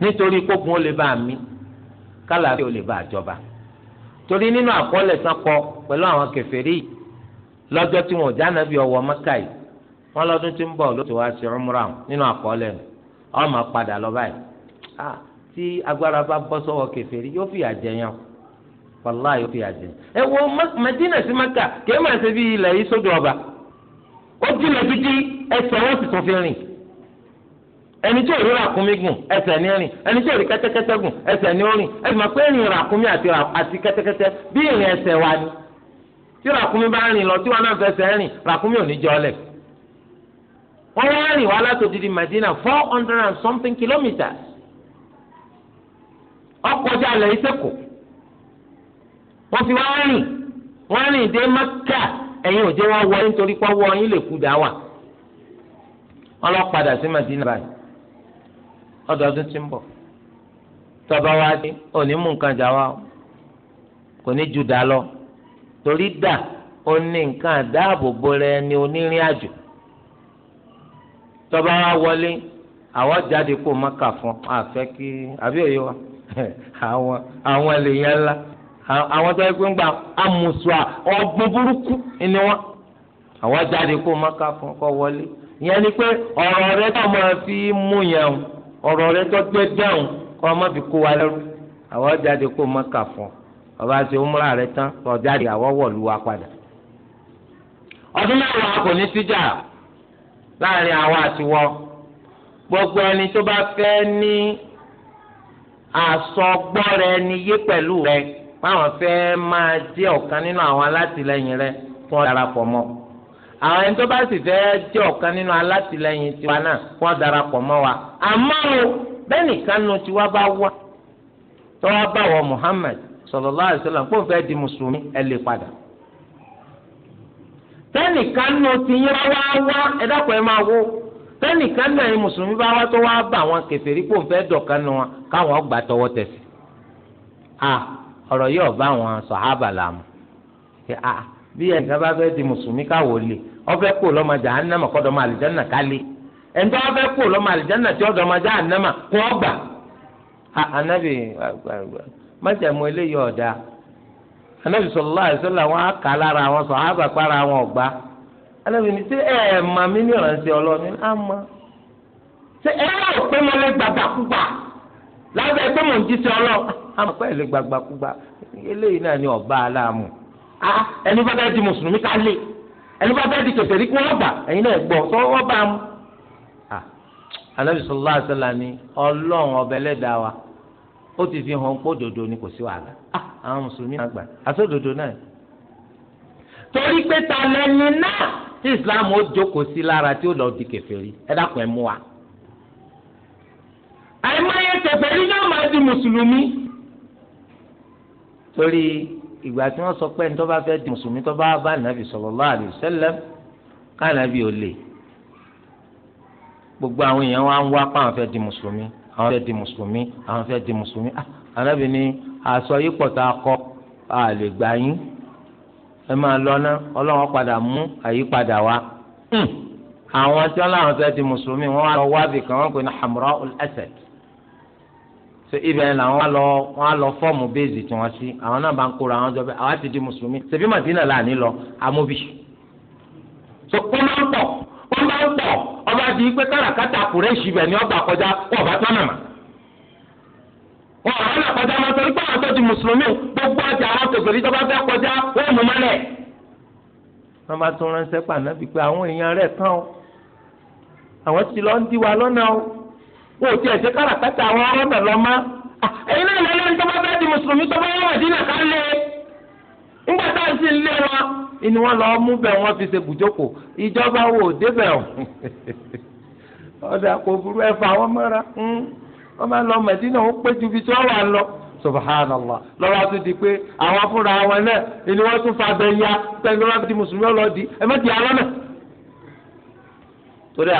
nítorí kókun ó lè bá mi kálàfẹ́ ó lè bá àjọba torí nínú àkọọ́lẹ̀ sánkọ pẹ̀lú àwọn kèfèrí lọ́jọ́ tí wọn jáná bí ọwọ́ mẹ́ka yìí wọn lọ́dún tí ń bọ̀ ló ti wá sí ọmúra nínú àkọọ́lẹ̀ ọmọ padà lọ báyìí tí agbára bá bọ́ sọ́wọ́ yóò ẹ ọba. ó jìnà títí ẹsẹ̀ wọn sì tún fi rìn ẹni tí ò rí ràkúnmí gùn ẹsẹ̀ ní rìn ẹni tí ò rí kẹ́tẹ́kẹ́tẹ́ gùn ẹsẹ̀ ní rìn ẹ mọ̀ pé ìrìn ràkúnmí àti kẹ́tẹ́kẹ́tẹ́ bí ìrìn ẹsẹ̀ wa ni tí ràkúnmí bá rìn lọ tí wọn náà fẹsẹ̀ rìn ràkúnmí ò ní jọ ọlẹ̀ wọ́n wá rìn wá látòdìdí Madina four hundred and something kilometres ọkọjá lẹ́yìn sẹ́kù wọ́n fi wá rìn wọ́n rìn dé Mẹ́kà. ẹ̀yin ò jẹ́ wọ́n wọlé nítorí pé ọwọ́ yín lè kú dá wà wọ́n lọ padà sí Madina báyìí ọdọọdún tí ń bọ̀ tọba wa dé òní mú nǹkan jà wá kò ní ju dà lọ torí dà ó ní nǹkan àdáàbòbò rẹ ni onírìn àjò tọba wa wọlé àwọn jáde kó má kà fún àfẹ kí àbí òye wa <laughs> àwọn àwọn lèèyàn ńlá àwọn tó yẹ pé ń gba amusua ọgbọ́n burúkú ni wọ́n àwọn jáde kó maka fún kọ́ wọlé ìyẹn ni pé ọ̀rọ̀ rẹ tó máa fi mú yàn ọ̀rọ̀ rẹ tó gbé dáhùn kọ́ má fi kó wa lẹ́rú àwọn jáde kó maka fún ọba ṣe umra rẹ tán ọ̀jáde àwọn wọ̀lú wa padà. ọdún mẹ́wàá kò ní síjà láàrin àwa àti wọ gbogbo ẹni tó bá fẹ́ ní àsọgbọ́ rẹ ni yé pẹ̀lú rẹ. báwọn fẹ máa jẹ ọkan nínú àwọn alátìlẹyìn rẹ kí wọ́n darapọ mọ àwọn ẹni tó bá sì fẹ́ jẹ́ ọ̀kan nínú alátìlẹyìn tiwa náà kí wọ́n darapọ mọ wa àmọ́ o bẹ́ẹ̀ nìkan nu tiwa bá wá tọ́wọ́ bá wọ Muhammad sallallahu alaihi kó n fẹ́ di mùsùlùmí ẹ lè padà tẹ́nìkan nu tiyín wá wá ẹ dákun ẹ máa wó tẹ́nìkan náà ẹ̀yin mùsùlùmí bá wá tó wá bá àwọn kèfèrí kó n fẹ́ dọ̀kan nu wọn káwọn gbà tọwọ́ tẹ̀sí ọ̀rọ̀ yóò bá àwọn sọ̀hábà làmù pé a bí ẹnìkan bá fẹ́ di mùsùlùmí káwọ́ lè ọfẹ́ kó lọ́mọ jahannama kọ́dọ̀ ọmọ àlìjánà kálí ẹ̀ńtọ́ ọfẹ́ lọ́mọ àlìjánà tí ọ̀dọ̀ kún ọgbà. anabi májàmú eléyìí ọ̀dà anabi sallallahu alaihi wasallam àwọn àkà lára àwọn sọ̀hábà para anabi ní mà mí ní ìrànṣẹ́ ọlọ́ọ̀ni lábẹ́ ń ọlọ́ọ̀ ama pẹ́ lè gbàgbàkúgbà eléyìí náà ni ọba aláàmù ah ẹni bá bẹ́ẹ̀ di mùsùlùmí ká lè ẹni bá bẹ́ẹ̀ di kẹsẹ̀ rí ẹ̀yin náà gbọ́ sọ wọ́n bá mu. ni ọlọ́run ọba ẹlẹ́dàá wa ó ti fi hàn pé òdodo ni kò sí wàhálà àwọn torí pé ta lẹni islam ó jókòó sí lára tí ó lọ di ẹ dákun ẹ mú wa. àìmọye torí ìgbà tí wọ́n sọ pé ní tó bá fẹ́ di mùsùlùmí tó bá bá nàbì sallallahu alaihi wasallam kánàbì ò lè gbogbo àwọn èèyàn wa ń wá pé àwọn fẹ́ di mùsùlùmí àwọn fẹ́ di mùsùlùmí àwọn fẹ́ di mùsùlùmí ah, ànábì ni àṣọ yìí pọ̀ tá a kọ a lè gbà yín ẹ máa lọ ná ọlọ́run padà mú àyípadà wa hmm. àwọn tí wọ́n láwọn fẹ́ di mùsùlùmí wọ́n wá lọ wábì kan wọ́n pè ní hamra al-asad so ibẹ̀ làwọn wá lọ wọn á lọ fọ́ọ̀mù béèzì tí wọ́n sí àwọn náà bá ń kóra àwọn jọba àwa ti di mùsùlùmí ṣèbí màdínà là ní lọ amóbi. so ó máa ń pọ̀ ó máa ń pọ̀ ọba di pé káràkátà kùrẹ́ẹ̀sì bẹ̀ ni ọba kọjá wọn ọba tọ́nà mà. wọn ọba náà kọjá máa torí pé àwọn tó di mùsùlùmí gbogbo àti àwọn kòkòrò ìjọba fẹ́ kọjá wọn mú mọ́lẹ̀. wọn bá tún ránṣẹ́ pàǹdà bíi pé àwọn èèyàn rẹ̀ kàn ó àwọn ti lọ ń dí wa lọ́nà ó wọn ò tiẹ̀ ṣe káràkátà àwọn ọ̀rọ̀ bẹ̀ ah, ẹ̀yin náà lẹ́yìn ẹni tó bẹ́ẹ̀ di mùsùlùmí tó bá wọ́n dínà ká lé ńgbà tá ń ṣe bùjókò ìjọba Ọ <laughs> ọ̀dà kò burú mọ́ra hmm. wọ́n máa lọ mẹ̀dínà ó pé ju ibi tí wọ́n wà lọ subhanallah lọ́wọ́ tún di pé àwọn wọn náà wọ́n tún fa abẹ́yà pẹ̀lú mùsùlùmí ọlọ́ọ̀dì náà. torí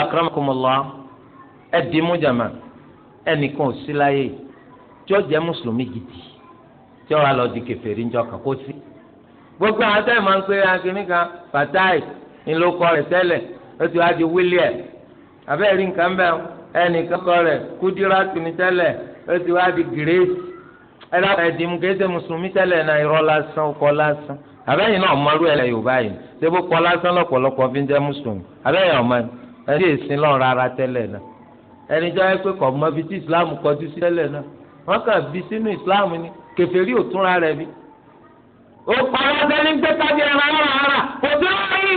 Edimu mújàmá ẹnìkan ò sí tí gidi tí ó wà lọ di gbogbo àwọn tẹ́lẹ̀ máa ń akínní kan fatai ńlọkọ rẹ̀ tẹ́lẹ̀ ó ti di william abẹ́rẹ́ nǹkan bẹ́ẹ̀ ẹnìkan kọ rẹ̀ kúdírátù ní tẹ́lẹ̀ di grace ẹ̀dá ẹ̀dín gẹ́sẹ̀ mùsùlùmí tẹ́lẹ̀ náà irọ́ lásán ọkọ lásán abẹ́yìn náà mọ̀rú ẹ̀ yorùbá yìí ṣé bó lásán lọ́pọ̀lọpọ̀ fi ń jẹ́ mùsùlùmí abẹ́yìn ọmọ ẹni tó yẹ pé kò mọ ibi tí islam kọjú sí tẹ́lẹ̀ náà wọ́n kàn bí sínú islam ni kèfèrí ò túnra rẹ̀ bí. òpàlọ́ sẹ́ni gbé tàbí ẹ̀rọ ọ̀rọ̀ ara kò tó rí.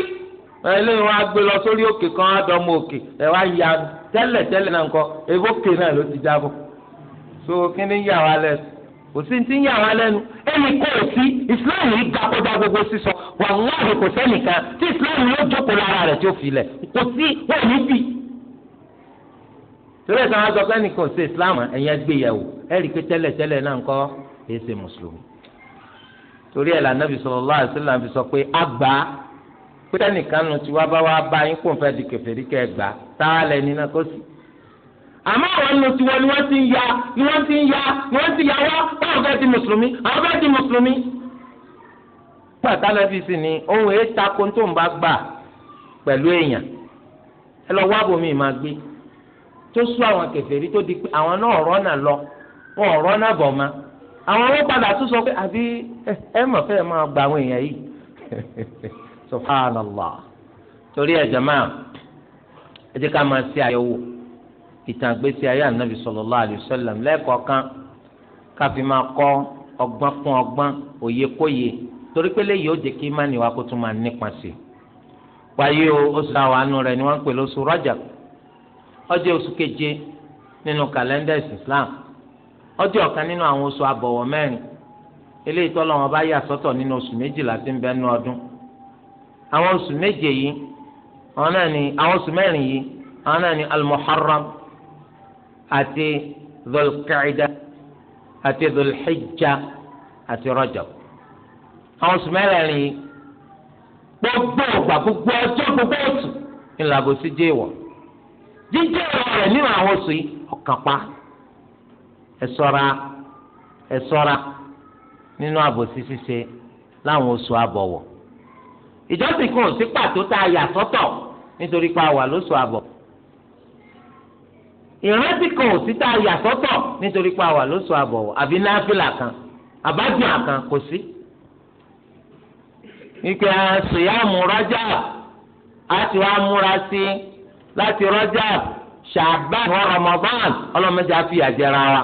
eléyìí wọn á gbé lọ sórí òkè kan á dọ́mọ òkè ẹ̀ wá ya tẹ́lẹ̀ tẹ́lẹ̀ náà nǹkan ewu òkè náà ló ti jábọ̀. so kí ni yà wá lẹ́nu kò sí ti ń yà wá lẹ́nu ẹnì kò sí islam yìí ga kọjá gbogbo sísọ wàhùn wàhùn kò sẹ́nìkan tí islam yóò jókòó lára rẹ̀ tó filẹ̀ kò sí wọ́n ní bíi torí ẹ̀sán wọn sọ pé nìkan ṣe islam ẹ̀yẹn gbéyàwó ẹ̀rí pé tẹ́lẹ̀ tẹ́lẹ̀ náà ń kọ́ èyí mùsùlùmí torí ẹ̀ lànàbì sallallahu alaihi wasallam fi sọ pé àgbà pé tẹ́nìkan nu tiwa bá wá bá yín kó n fẹ́ di kèfèrí kẹ́ ẹ gbà táwa lẹ́ni náà kó sì àmọ́ àwọn ọ̀nà tiwọn ni wọ́n ti ń ya ni wọ́n ti ń ya ni wọ́n ti ya wá báwọn fẹ́ di mùsùlùmí àwọn fẹ́ di mùsùlùmí. pàtà lẹ́bi sì ni ohun èyí ta tó ń bá gbà pẹ̀lú èèyàn ẹ lọ wá bòmí máa gbé tó sún àwọn kèfèrí tó di pé àwọn náà ọ̀rọ̀ náà lọ wọn ọ̀rọ̀ náà bọ̀ ma àwọn wọn padà tún sọ pé àbí ẹ mọ̀ fẹ́ máa gba àwọn èèyàn yìí <laughs> torí ẹ̀ jama ẹ ká máa ṣe ayé máa òye kóye torí pé léyìí ó jẹ́ kí má kó tún máa o àwọn àánú ni ń ọjọ́ oṣù keje nínú kàlẹ́ndà islam ọjọ́ ọ̀kan nínú àwọn oṣù àbọ̀wọ̀ mẹ́rin eléyìí tọ́lọ́ wọn bá yà sọ́tọ̀ nínú oṣù méjìlá tí ń bẹ nínú ọdún àwọn oṣù méje yìí àwọn náà ni àwọn oṣù mẹ́rin yìí àwọn náà ni al-muharram àti dhul-qaida àti dhul-hijja àti rajab àwọn oṣù mẹ́rẹ̀ẹ̀rin yìí gbogbo ìgbà gbogbo ọjọ́ gbogbo oṣù ńlá bó sì jẹ́ ìwọ̀n jíjẹ́ rẹ̀ nínú àwọn oṣù yìí ọ̀kan pa ẹ ṣọ́ra ẹ ṣọ́ra nínú àbòsí ṣíṣe láwọn oṣù àbọ̀wọ̀ ìjọsìn kan ò sí pàtó tá a yà sọ́tọ̀ nítorí pé a wà lóṣù àbọ̀ ìrántí kan ò sí tá a yà sọ́tọ̀ nítorí pé a wà lóṣù àbọ̀ àbí náfìlà kan àbájá kan kò sí wípé a ṣèyá múra já a ti wá múra sí. Si, láti Rajab Sha'ban wọ Ramadan ọlọ́mọdé àfihà jẹra wa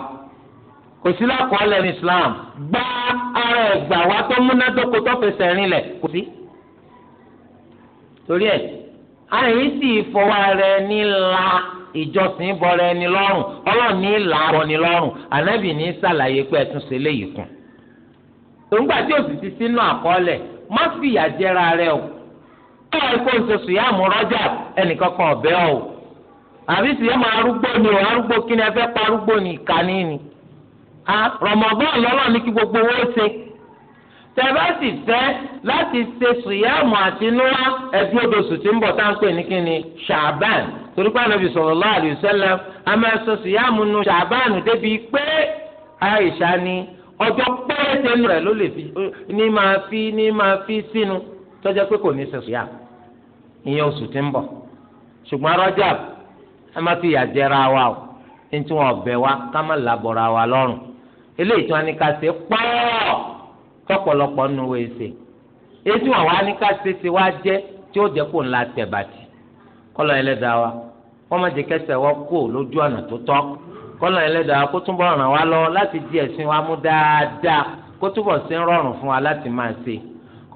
kò sí lákọọ́lẹ̀ ní Islam gbá ara ẹgbà wa tó múnádóko tó fẹsẹ̀ rinlẹ̀ kò sí. torí ẹ àyìn sì fọwọ́ rẹ níla ìjọsìn bọ̀rọ̀ ẹni lọ́rùn ọlọ́run ní ìlà bọ̀ lọ́rùn ànábì ní sàlàyé pé ẹtún ṣe léyìí kù. tòǹgbà tí òsì ti sínú àkọọ́lẹ̀ má fìyà jẹra rẹ o báwa ikú ń sọ̀sọ̀ yá mú rọ́jà ẹnìkan kan ọ̀bẹ ọ̀ àbí sì yá máa arúgbó ni o arúgbó kí ni ẹ fẹ́ pa arúgbó ni ìkànnì ni rọmọbọ́ọ̀lù lọ́lọ́ ní kí gbogbo owó ṣe tẹ̀bá sì fẹ́ láti ṣe sùyàmù àtinúwá ẹ̀dún odòsù tí ń bọ̀ tá à ń pè ní kíni ṣàbán torí pé ànábì sallallahu alaihi wasallam a máa sọ sùyàmù nu ṣàbán débi pé ni ọjọ́ pẹ́ẹ́tẹ́ rẹ̀ ló lè fi ní máa fi ní máa fi sínú. tọ́jà pé kò ní í sẹ̀sọ̀ yá ìyẹn oṣù tí ń bọ̀ ṣùgbọ́n rọ́jà ẹ má fi ìyà wa o ní tí wọn ọbẹ̀ wa ká má làbọ̀ra wa lọ́rùn eléyìí tí wọn ní ká ṣe pọ́ọ́ tọ́pọ̀lọpọ̀ nù wọ́n ṣe èyí tí wọn wá ní ká ṣe ṣe wá jẹ́ tí ó jẹ́ kó ńlá tẹ̀ bàtì kọ́lọ̀ ẹlẹ́dàá wa wọ́n má jẹ́ kẹsẹ̀ wọ́n kó lójú ọ̀nà tó tọ́ kọ́lọ̀ ẹlẹ́dàá kó túbọ̀ ràn wá lọ láti di ẹ̀sìn wa mú dáadáa kó túbọ̀ sí rọrùn fún wa láti máa ṣe.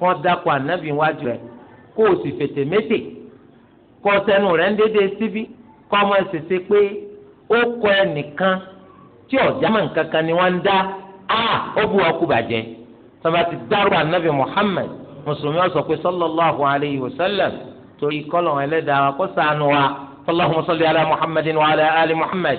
kọ́ dákọ̀ anabi wájú rẹ kó o sì fètè mété kọ́ sẹ́nu rẹ̀ ń dédé síbí kọ́ ọmọ ṣèṣe pé ó kọ ẹnìkan tí ọ̀já mọ̀ a ó bu ọkú bàjẹ́ tọ́ba ti dárò Muhammad mùsùlùmí ọ̀sọ̀ pé sallallahu alayhi wa sallam torí kọ́lọ̀ ẹlẹ́dàá kó wa ali Muhammad.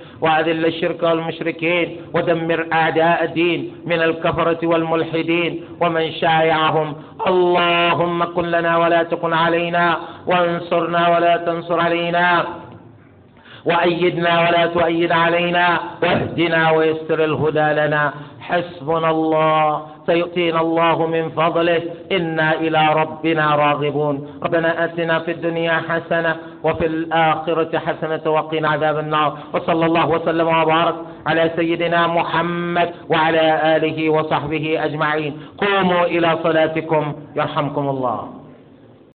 وأذل الشرك والمشركين ودمر أعداء الدين من الكفرة والملحدين ومن شايعهم اللهم كن لنا ولا تكن علينا وانصرنا ولا تنصر علينا وأيدنا ولا تؤيد علينا واهدنا ويسر الهدى لنا حسبنا الله سيؤتينا الله من فضله إنا إلى ربنا راغبون ربنا آتنا في الدنيا حسنة وفي الآخرة حسنة وقنا عذاب النار وصلى الله وسلم وبارك على سيدنا محمد وعلى آله وصحبه أجمعين قوموا إلى صلاتكم يرحمكم الله